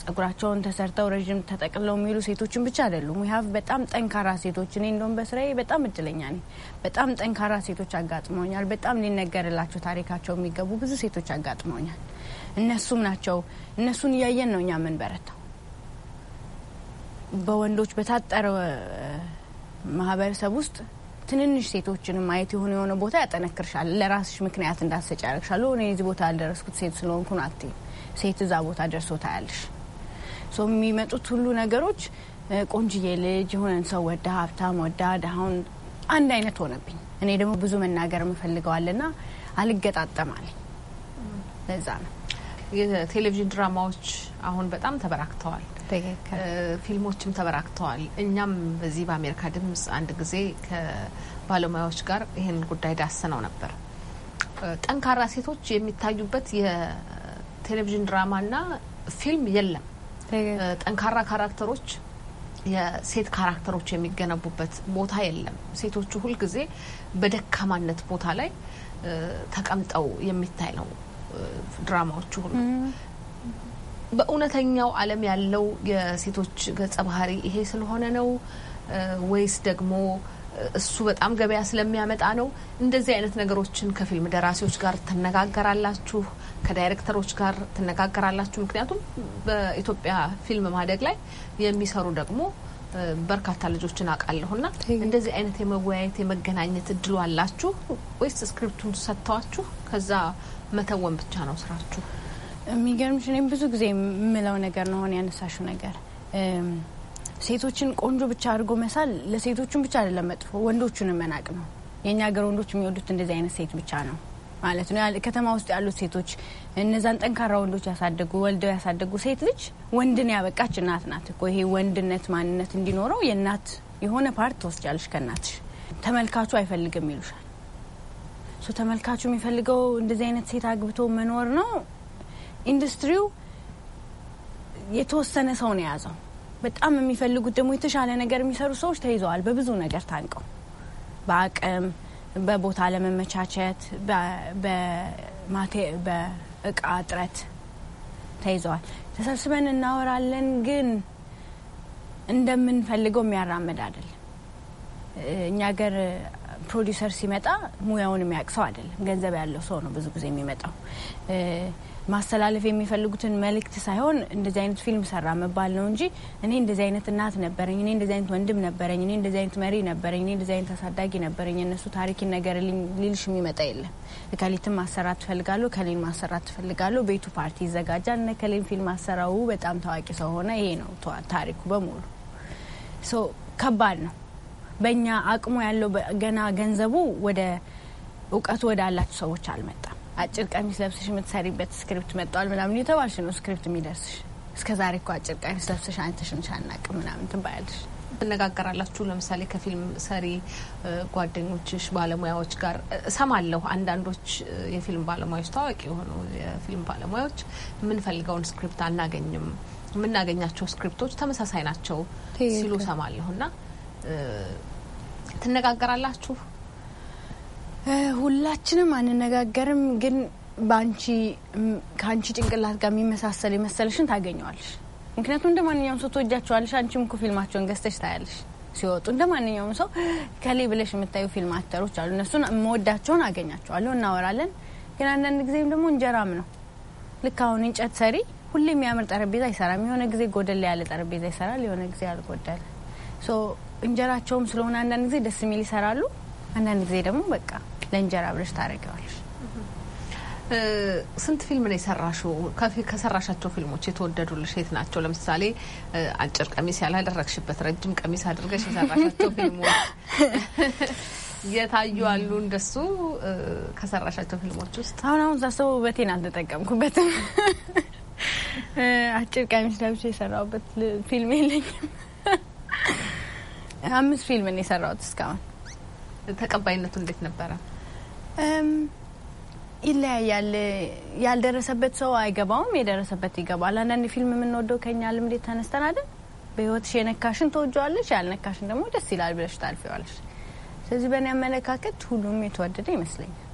ጸጉራቸውን ተሰርተው ረዥም ተጠቅለው የሚሉ ሴቶችን ብቻ አይደሉም። ዊሀቭ በጣም ጠንካራ ሴቶች። እኔ እንደውም በስራዬ በጣም እድለኛ ነኝ። በጣም ጠንካራ ሴቶች አጋጥመውኛል። በጣም ሊነገርላቸው ታሪካቸው የሚገቡ ብዙ ሴቶች አጋጥመውኛል። እነሱም ናቸው እነሱን እያየን ነው እኛ የምንበረታው። በወንዶች በታጠረ ማህበረሰብ ውስጥ ትንንሽ ሴቶችን ማየት የሆነ የሆነ ቦታ ያጠነክርሻል። ለራስሽ ምክንያት እንዳትሰጫረግሻሉ ሆነ የዚህ ቦታ ያልደረስኩት ሴት ስለሆንኩን አት ሴት እዛ ቦታ ደርሶ ታያለሽ። የሚመጡት ሁሉ ነገሮች ቆንጅዬ ልጅ የሆነን ሰው ወዳ ሀብታም ወዳ ድሃውን አንድ አይነት ሆነብኝ። እኔ ደግሞ ብዙ መናገር የምፈልገዋልና አልገጣጠማለኝ። ለዛ ነው የቴሌቪዥን ድራማዎች አሁን በጣም ተበራክተዋል። ፊልሞችም ተበራክተዋል። እኛም በዚህ በአሜሪካ ድምጽ አንድ ጊዜ ከባለሙያዎች ጋር ይህን ጉዳይ ነው ነበር። ጠንካራ ሴቶች የሚታዩበት የቴሌቪዥን ድራማና ፊልም የለም። ጠንካራ ካራክተሮች የሴት ካራክተሮች የሚገነቡበት ቦታ የለም። ሴቶቹ ሁልጊዜ በደካማነት ቦታ ላይ ተቀምጠው የሚታይ ነው ድራማዎቹ ሁሉ። በእውነተኛው ዓለም ያለው የሴቶች ገጸ ባህሪ ይሄ ስለሆነ ነው ወይስ ደግሞ እሱ በጣም ገበያ ስለሚያመጣ ነው? እንደዚህ አይነት ነገሮችን ከፊልም ደራሲዎች ጋር ትነጋገራላችሁ? ከዳይሬክተሮች ጋር ትነጋገራላችሁ? ምክንያቱም በኢትዮጵያ ፊልም ማደግ ላይ የሚሰሩ ደግሞ በርካታ ልጆችን አውቃለሁና እንደዚህ አይነት የመወያየት የመገናኘት እድሉ አላችሁ ወይስ ስክሪፕቱን ሰጥተዋችሁ ከዛ መተወን ብቻ ነው ስራችሁ? የሚገርምሽ እኔም ብዙ ጊዜ የምለው ነገር ነው ሆን ያነሳሽው ነገር ሴቶችን ቆንጆ ብቻ አድርጎ መሳል ለሴቶቹን ብቻ አይደለም መጥፎ፣ ወንዶቹን መናቅ ነው። የእኛ ሀገር ወንዶች የሚወዱት እንደዚህ አይነት ሴት ብቻ ነው ማለት ነው። ከተማ ውስጥ ያሉት ሴቶች እነዛን ጠንካራ ወንዶች ያሳደጉ ወልደው ያሳደጉ ሴት ልጅ ወንድን ያበቃች እናት ናት እኮ። ይሄ ወንድነት ማንነት እንዲኖረው የእናት የሆነ ፓርት ትወስጃለሽ ከእናትሽ። ተመልካቹ አይፈልግም ይሉሻል። ተመልካቹ የሚፈልገው እንደዚህ አይነት ሴት አግብቶ መኖር ነው ኢንዱስትሪው የተወሰነ ሰው ነው የያዘው። በጣም የሚፈልጉት ደግሞ የተሻለ ነገር የሚሰሩ ሰዎች ተይዘዋል። በብዙ ነገር ታንቀው በአቅም በቦታ ለመመቻቸት በእቃ እጥረት ተይዘዋል። ተሰብስበን እናወራለን፣ ግን እንደምንፈልገው የሚያራምድ አይደለም። እኛ ገር ፕሮዲውሰር ሲመጣ ሙያውን የሚያውቅ ሰው አይደለም፣ ገንዘብ ያለው ሰው ነው ብዙ ጊዜ የሚመጣው። ማስተላለፍ የሚፈልጉትን መልእክት ሳይሆን እንደዚህ አይነት ፊልም ሰራ መባል ነው እንጂ እኔ እንደዚህ አይነት እናት ነበረኝ፣ እኔ እንደዚህ አይነት ወንድም ነበረኝ፣ እኔ እንደዚህ አይነት መሪ ነበረኝ፣ እኔ እንደዚህ አይነት አሳዳጊ ነበረኝ፣ እነሱ ታሪክን ነገር ሊልሽ የሚመጣ የለም። እከሊትን ማሰራት ትፈልጋሉ፣ እከሌን ማሰራት ትፈልጋሉ፣ ቤቱ ፓርቲ ይዘጋጃል። እነ እከሌን ፊልም አሰራው በጣም ታዋቂ ሰው ሆነ። ይሄ ነው ታሪኩ በሙሉ። ሶ ከባድ ነው። በእኛ አቅሙ ያለው ገና ገንዘቡ ወደ እውቀቱ ወዳላቸው ሰዎች አልመጣም። አጭር ቀሚስ ለብስሽ የምትሰሪበት ስክሪፕት መጥቷል ምናምን የተባልሽ ነው ስክሪፕት የሚደርስሽ። እስከ ዛሬ እኮ አጭር ቀሚስ ለብስሽ አንተሽ ነሽ ምናምን ትባያለሽ። ትነጋገራላችሁ ለምሳሌ ከፊልም ሰሪ ጓደኞችሽ ባለሙያዎች ጋር እሰማለሁ። አንዳንዶች የፊልም ባለሙያዎች ታዋቂ የሆኑ የፊልም ባለሙያዎች የምንፈልገውን ስክሪፕት አናገኝም፣ የምናገኛቸው ስክሪፕቶች ተመሳሳይ ናቸው ሲሉ እሰማለሁ እና ትነጋገራላችሁ ሁላችንም አንነጋገርም፣ ግን በአንቺ ከአንቺ ጭንቅላት ጋር የሚመሳሰል የመሰለሽን ታገኘዋለሽ። ምክንያቱም እንደ ማንኛውም ሰው ትወጃቸዋለሽ። አንቺም እኮ ፊልማቸውን ገዝተሽ ታያለሽ ሲወጡ እንደ ማንኛውም ሰው ከሌ ብለሽ የምታዩ ፊልም አክተሮች አሉ። እነሱን መወዳቸውን አገኛቸዋለሁ፣ እናወራለን። ግን አንዳንድ ጊዜም ደግሞ እንጀራም ነው። ልክ አሁን እንጨት ሰሪ ሁሌ የሚያምር ጠረጴዛ አይሰራም። የሆነ ጊዜ ጎደል ያለ ጠረጴዛ ይሰራል፣ የሆነ ጊዜ አልጎደል። እንጀራቸውም ስለሆነ አንዳንድ ጊዜ ደስ የሚል ይሰራሉ፣ አንዳንድ ጊዜ ደግሞ በቃ ለእንጀራ ብለሽ ታደርጊዋለሽ። ስንት ፊልም ነው የሰራሽው? ከሰራሻቸው ፊልሞች የተወደዱልሽ የት ናቸው? ለምሳሌ አጭር ቀሚስ ያላደረግሽበት ረጅም ቀሚስ አድርገሽ የሰራሻቸው ፊልሞች የታዩ አሉ? እንደሱ ከሰራሻቸው ፊልሞች ውስጥ አሁን አሁን ዛሰው ውበቴን አልተጠቀምኩበትም። አጭር ቀሚስ ለብሶ የሰራሁበት ፊልም የለኝም። አምስት ፊልም ነው የሰራሁት እስካሁን። ተቀባይነቱ እንዴት ነበረ? ይለያያል። ያልደረሰበት ሰው አይገባውም፣ የደረሰበት ይገባል። አንዳንድ ፊልም የምንወደው ከኛ ልምድ ተነስተን አይደል? በህይወትሽ የነካሽን ተወጇዋለሽ፣ ያልነካሽን ደግሞ ደስ ይላል ብለሽ ታልፊዋለሽ። ስለዚህ በእኔ አመለካከት ሁሉም የተወደደ ይመስለኛል።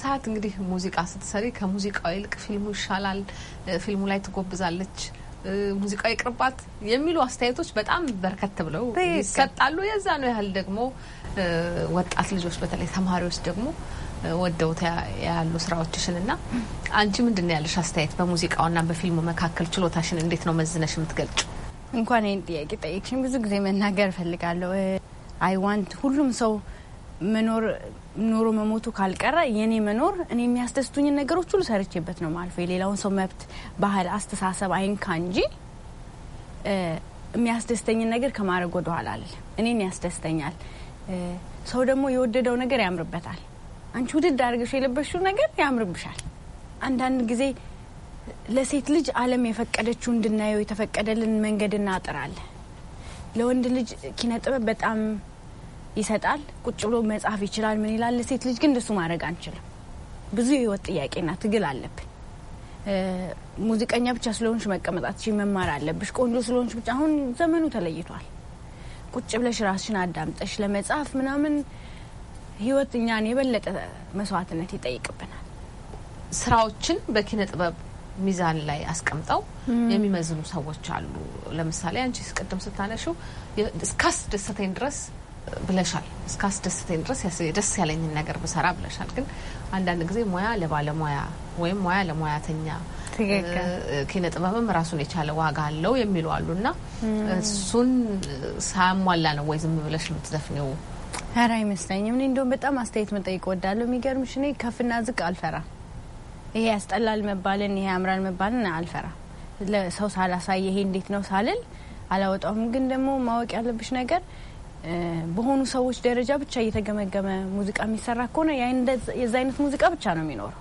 ሰዓት እንግዲህ ሙዚቃ ስትሰሪ ከሙዚቃው ይልቅ ፊልሙ ይሻላል፣ ፊልሙ ላይ ትጎብዛለች ሙዚቃ ይቅርባት የሚሉ አስተያየቶች በጣም በርከት ብለው ይሰጣሉ። ነው ያህል ደግሞ ወጣት ልጆች በተለይ ተማሪዎች ደግሞ ወደውት ያሉ ስራዎችሽን እና አንቺ ምንድን ነው ያለሽ አስተያየት በሙዚቃውና በፊልሙ መካከል ችሎታሽን እንዴት ነው መዝነሽ የምትገልጭ? እንኳን ይህን ጥያቄ ጠየቅሽኝ። ብዙ ጊዜ መናገር እፈልጋለሁ። አይዋንት ሁሉም ሰው መኖር ኑሮ መሞቱ ካልቀረ የኔ መኖር እኔ የሚያስደስቱኝን ነገሮች ሁሉ ሰርቼበት ነው ማልፎ የሌላውን ሰው መብት፣ ባህል፣ አስተሳሰብ አይንካ እንጂ የሚያስደስተኝን ነገር ከማድረግ ወደ ኋላ አለ። እኔን ያስደስተኛል። ሰው ደግሞ የወደደው ነገር ያምርበታል። አንቺ ውድድ አድርገሽ የለበሽው ነገር ያምርብሻል። አንዳንድ ጊዜ ለሴት ልጅ ዓለም የፈቀደችው እንድናየው የተፈቀደልን መንገድ እናጥራለን። ለወንድ ልጅ ኪነ ጥበብ በጣም ይሰጣል። ቁጭ ብሎ መጻፍ ይችላል። ምን ይላል። ሴት ልጅ ግን እንደሱ ማድረግ አንችልም። ብዙ የህይወት ጥያቄና ትግል አለብን። ሙዚቀኛ ብቻ ስለሆንሽ መቀመጣት መማር አለብሽ። ቆንጆ ስለሆንሽ ብቻ አሁን ዘመኑ ተለይቷል። ቁጭ ብለሽ ራስሽን አዳምጠሽ ለመጻፍ ምናምን ህይወት እኛን የበለጠ መስዋዕትነት ይጠይቅብናል። ስራዎችን በኪነ ጥበብ ሚዛን ላይ አስቀምጠው የሚመዝኑ ሰዎች አሉ። ለምሳሌ አንቺ ቅድም ስታነሽው ደሰተኝ ድረስ ብለሻል። እስከ አስደስተኝ ድረስ ደስ ያለኝን ነገር ብሰራ ብለሻል። ግን አንዳንድ ጊዜ ሙያ ለባለሙያ ወይም ሙያ ለሙያተኛ ኪነ ጥበብም ራሱን የቻለ ዋጋ አለው የሚሉ አሉ እና እሱን ሳያሟላ ነው ወይ ዝም ብለሽ የምትዘፍኒው? ኧረ አይመስለኝም። እኔ እንደውም በጣም አስተያየት መጠየቅ ወዳለሁ። የሚገርምሽ እኔ ከፍና ዝቅ አልፈራ ይሄ ያስጠላል መባልን፣ ይሄ ያምራል መባልን አልፈራ ለሰው ሳላሳይ ይሄ እንዴት ነው ሳልል አላወጣውም። ግን ደግሞ ማወቅ ያለብሽ ነገር በሆኑ ሰዎች ደረጃ ብቻ እየተገመገመ ሙዚቃ የሚሰራ ከሆነ የዛ አይነት ሙዚቃ ብቻ ነው የሚኖረው።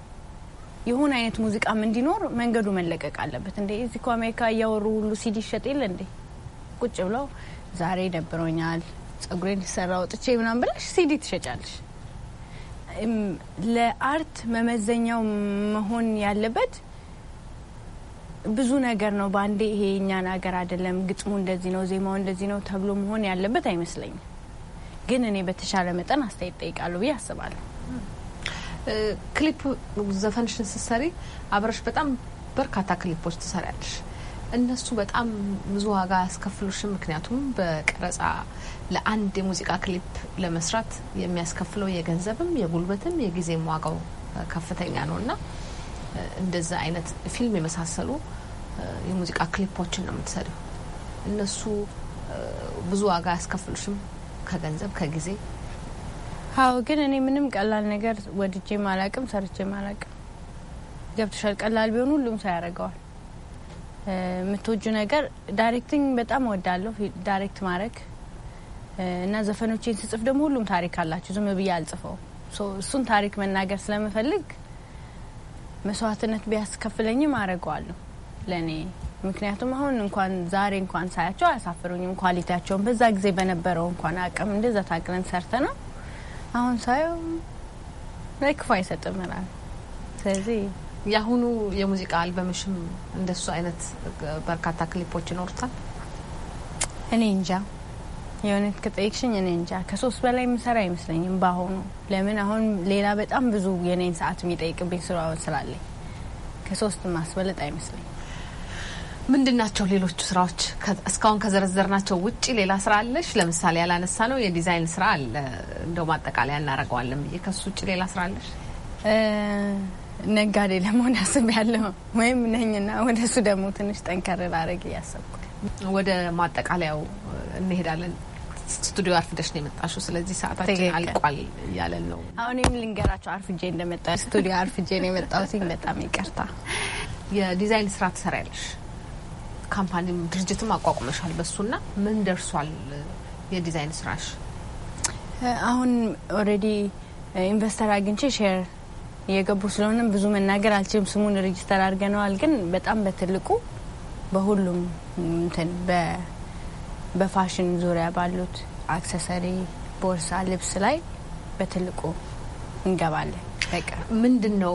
የሆነ አይነት ሙዚቃም እንዲኖር መንገዱ መለቀቅ አለበት። እንዴ እዚህ አሜሪካ እያወሩ ሁሉ ሲዲ ይሸጥ የለ እንዴ? ቁጭ ብለው ዛሬ ደብሮኛል ጸጉሬን ሊሰራ ወጥቼ ምናምን ብለሽ ሲዲ ትሸጫለሽ። ለአርት መመዘኛው መሆን ያለበት ብዙ ነገር ነው በአንዴ። ይሄ የእኛን ሀገር አይደለም፣ ግጥሙ እንደዚህ ነው፣ ዜማው እንደዚህ ነው ተብሎ መሆን ያለበት አይመስለኝም። ግን እኔ በተሻለ መጠን አስተያየት ጠይቃለሁ ብዬ አስባለሁ። ክሊፕ ዘፈንሽን ስትሰሪ አብረሽ በጣም በርካታ ክሊፖች ትሰሪያለሽ። እነሱ በጣም ብዙ ዋጋ ያስከፍሉሽም። ምክንያቱም በቀረጻ ለአንድ የሙዚቃ ክሊፕ ለመስራት የሚያስከፍለው የገንዘብም የጉልበትም የጊዜም ዋጋው ከፍተኛ ነው እና እንደዛ አይነት ፊልም የመሳሰሉ የሙዚቃ ክሊፖችን ነው የምትሰሪው። እነሱ ብዙ ዋጋ አያስከፍሉሽም? ከገንዘብ ከጊዜ? አዎ። ግን እኔ ምንም ቀላል ነገር ወድጄ ማላቅም ሰርቼ ማላቅም። ገብቶሻል? ቀላል ቢሆን ሁሉም ሰው ያደርገዋል። የምትወጁ ነገር ዳይሬክቲንግ በጣም እወዳለሁ፣ ዳይሬክት ማድረግ እና ዘፈኖቼን ስጽፍ ደግሞ ሁሉም ታሪክ አላቸው። ዝም ብዬ አልጽፈው። እሱን ታሪክ መናገር ስለምፈልግ መስዋዕትነት ቢያስከፍለኝም አደርገዋለሁ ለእኔ ምክንያቱም አሁን እንኳን ዛሬ እንኳን ሳያቸው አያሳፍሩኝም። ኳሊቲያቸውን በዛ ጊዜ በነበረው እንኳን አቅም እንደዛ ታቅለን ሰርተ ነው አሁን ሳየው ክፉ አይሰጥም ላል ስለዚህ የአሁኑ የሙዚቃ አልበምሽም እንደሱ አይነት በርካታ ክሊፖች ይኖሩታል። እኔ እንጃ የእውነት ከጠይቅሽኝ እኔ እንጃ ከሶስት በላይ የምሰራ አይመስለኝም በአሁኑ። ለምን አሁን ሌላ በጣም ብዙ የኔን ሰዓት የሚጠይቅብኝ ስራዎች ስላለኝ ከሶስት ማስበለጥ አይመስለኝም። ምንድን ናቸው ሌሎቹ ስራዎች? እስካሁን ከዘረዘርናቸው ውጭ ሌላ ስራ አለሽ? ለምሳሌ ያላነሳ ነው የዲዛይን ስራ አለ፣ እንደው ማጠቃለያ እናደርገዋለን ብዬ ከሱ ውጭ ሌላ ስራ አለሽ? ነጋዴ ለመሆን ያለው ወይም ነኝና ወደ እሱ ደግሞ ትንሽ ጠንከር ላደርግ እያሰብኩ ወደ ማጠቃለያው እንሄዳለን። ስቱዲዮ አርፍደሽ ነው የመጣሽው፣ ስለዚህ ሰዓታችን አልቋል እያለን ነው። አሁን ይህም ልንገራቸው አርፍጄ እንደመጣ ስቱዲዮ አርፍጄ ነው የመጣሁት። በጣም ይቅርታ። የዲዛይን ስራ ትሰሪያለሽ፣ ካምፓኒም ድርጅትም አቋቁመሻል። በሱና ምን ደርሷል የዲዛይን ስራሽ? አሁን ኦልሬዲ ኢንቨስተር አግኝቼ ሼር እየገቡ ስለሆነ ብዙ መናገር አልችልም። ስሙን ሬጅስተር አድርገነዋል፣ ግን በጣም በትልቁ በሁሉም እንትን በፋሽን ዙሪያ ባሉት አክሰሰሪ፣ ቦርሳ፣ ልብስ ላይ በትልቁ እንገባለን። ምንድን ነው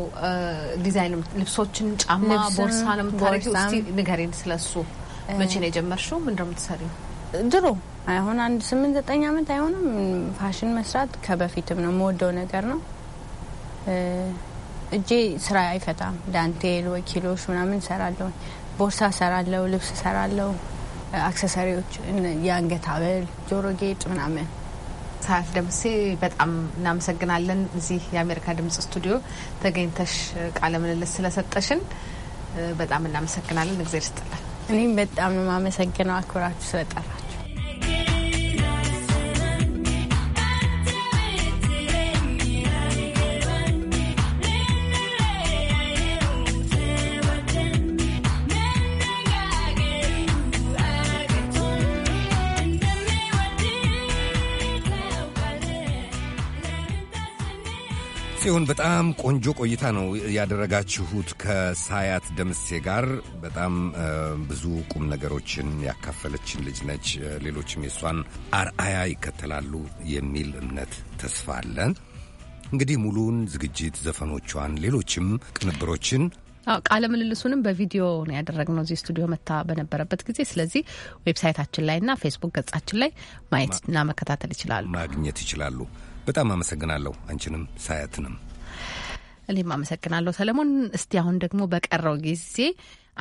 ዲዛይን? ልብሶችን፣ ጫማ፣ ቦርሳ ነው የምታደርጊው? ንገሪን ስለሱ። መቼ ነው የጀመርሽው? ምንድን ነው የምትሰሪው? ድሮ አሁን አንድ ስምንት ዘጠኝ ዓመት አይሆንም ፋሽን መስራት ከበፊትም ነው የምወደው ነገር ነው። እጄ ስራ አይፈታም። ዳንቴል ወይ ኪሎሽ ምናምን ሰራለሁ፣ ቦርሳ ሰራለሁ፣ ልብስ ሰራለሁ አክሰሰሪዎች፣ የአንገት ሀብል፣ ጆሮ ጌጥ ምናምን። ሰዓት ደምሴ በጣም እናመሰግናለን። እዚህ የአሜሪካ ድምጽ ስቱዲዮ ተገኝተሽ ቃለ ምልልስ ስለሰጠሽን በጣም እናመሰግናለን። እግዜር ስጥላል። እኔም በጣም ነው የማመሰግነው አክብራችሁ ስለጠራል። ይሁን በጣም ቆንጆ ቆይታ ነው ያደረጋችሁት ከሳያት ደምሴ ጋር። በጣም ብዙ ቁም ነገሮችን ያካፈለችን ልጅ ነች። ሌሎችም የእሷን አርአያ ይከተላሉ የሚል እምነት ተስፋ አለን። እንግዲህ ሙሉውን ዝግጅት ዘፈኖቿን፣ ሌሎችም ቅንብሮችን ቃለ ምልልሱንም በቪዲዮ ነው ያደረግነው እዚህ ስቱዲዮ መታ በነበረበት ጊዜ። ስለዚህ ዌብሳይታችን ላይና ፌስቡክ ገጻችን ላይ ማየትና መከታተል ይችላሉ፣ ማግኘት ይችላሉ። በጣም አመሰግናለሁ። አንቺንም ሳያትንም እኔም አመሰግናለሁ ሰለሞን። እስቲ አሁን ደግሞ በቀረው ጊዜ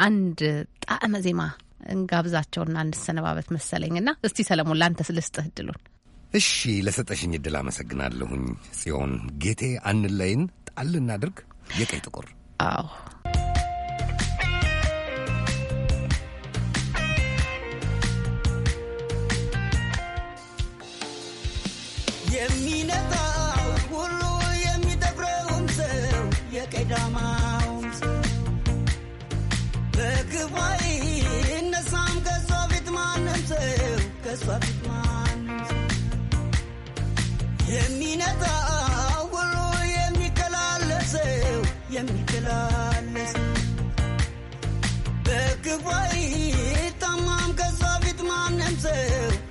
አንድ ጣዕመ ዜማ እንጋብዛቸውና እንሰነባበት መሰለኝና እስቲ ሰለሞን ለአንተ ስልስጥህ እድሉን። እሺ ለሰጠሽኝ እድል አመሰግናለሁኝ ጽዮን ጌቴ። አንድ ጣል እናድርግ የቀይ ጥቁር አዎ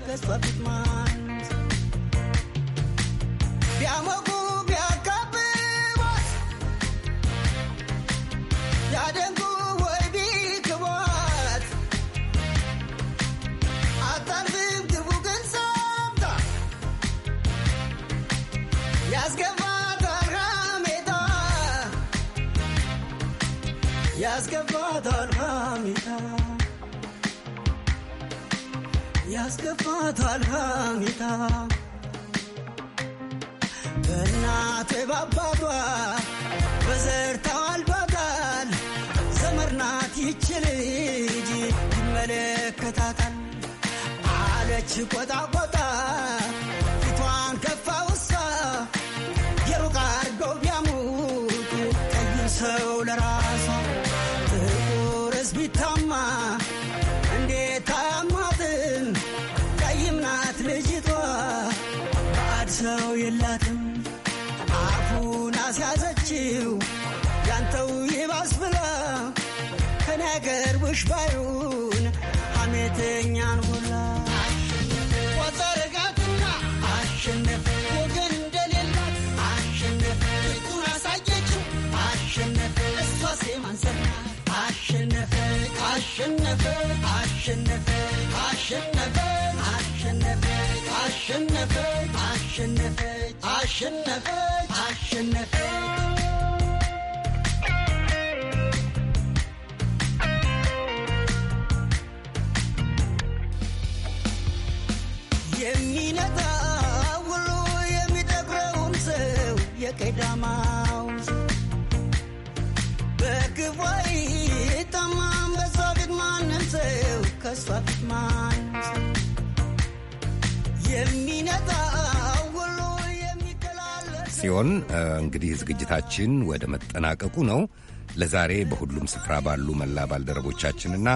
That's what it ያስገፋታል ሀሚታ በእናት ባባቷ በዘር ዘመርናት ይች ልጅ ይመለከታታል አለች ቆጣ ቆጣ ፊቷን ከፋ ውሳ የሩቅ አርገው ቢያሙቱ ሰው የቅርብሽ ባዩን ሐሜተኛን ሁላ ወዘረጋትና አሸነፍ ወገን እንደሌላት አሸነፍ ፊቱን አሳየችው አሸነፍ እሷ ሲሆን እንግዲህ ዝግጅታችን ወደ መጠናቀቁ ነው። ለዛሬ በሁሉም ስፍራ ባሉ መላ ባልደረቦቻችንና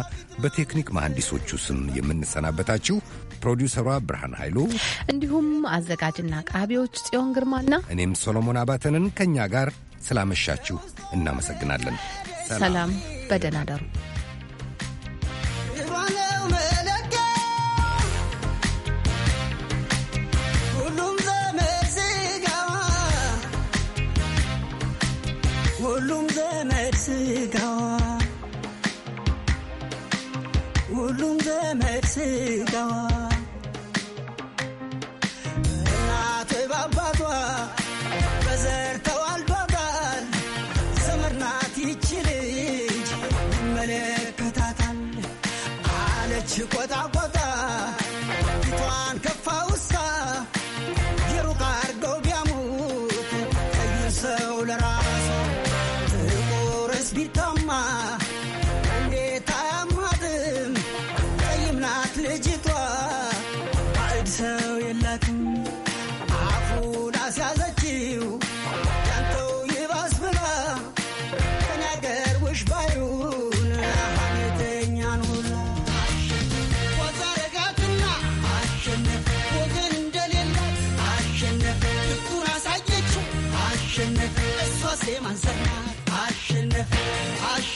በቴክኒክ መሐንዲሶቹ ስም የምንሰናበታችሁ ፕሮዲውሰሯ ብርሃን ኃይሉ እንዲሁም አዘጋጅና አቅራቢዎች ጽዮን ግርማና እኔም ሶሎሞን አባተንን ከእኛ ጋር ስላመሻችሁ እናመሰግናለን። ሰላም፣ በደህና አደሩ። ሁሉም ዘመድ ስጋዋ ሁሉም ዘመድ ስጋዋ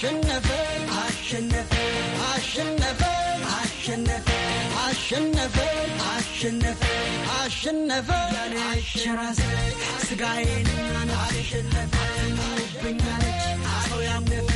አሸነፈ አሸነፈ አሸነፈ አሸነፈ አሸነፈ አሸነፈ አሸነፈ ያሸራዘ ስጋዬን አሸነፈ ብኛለች ሰው ያምነፈ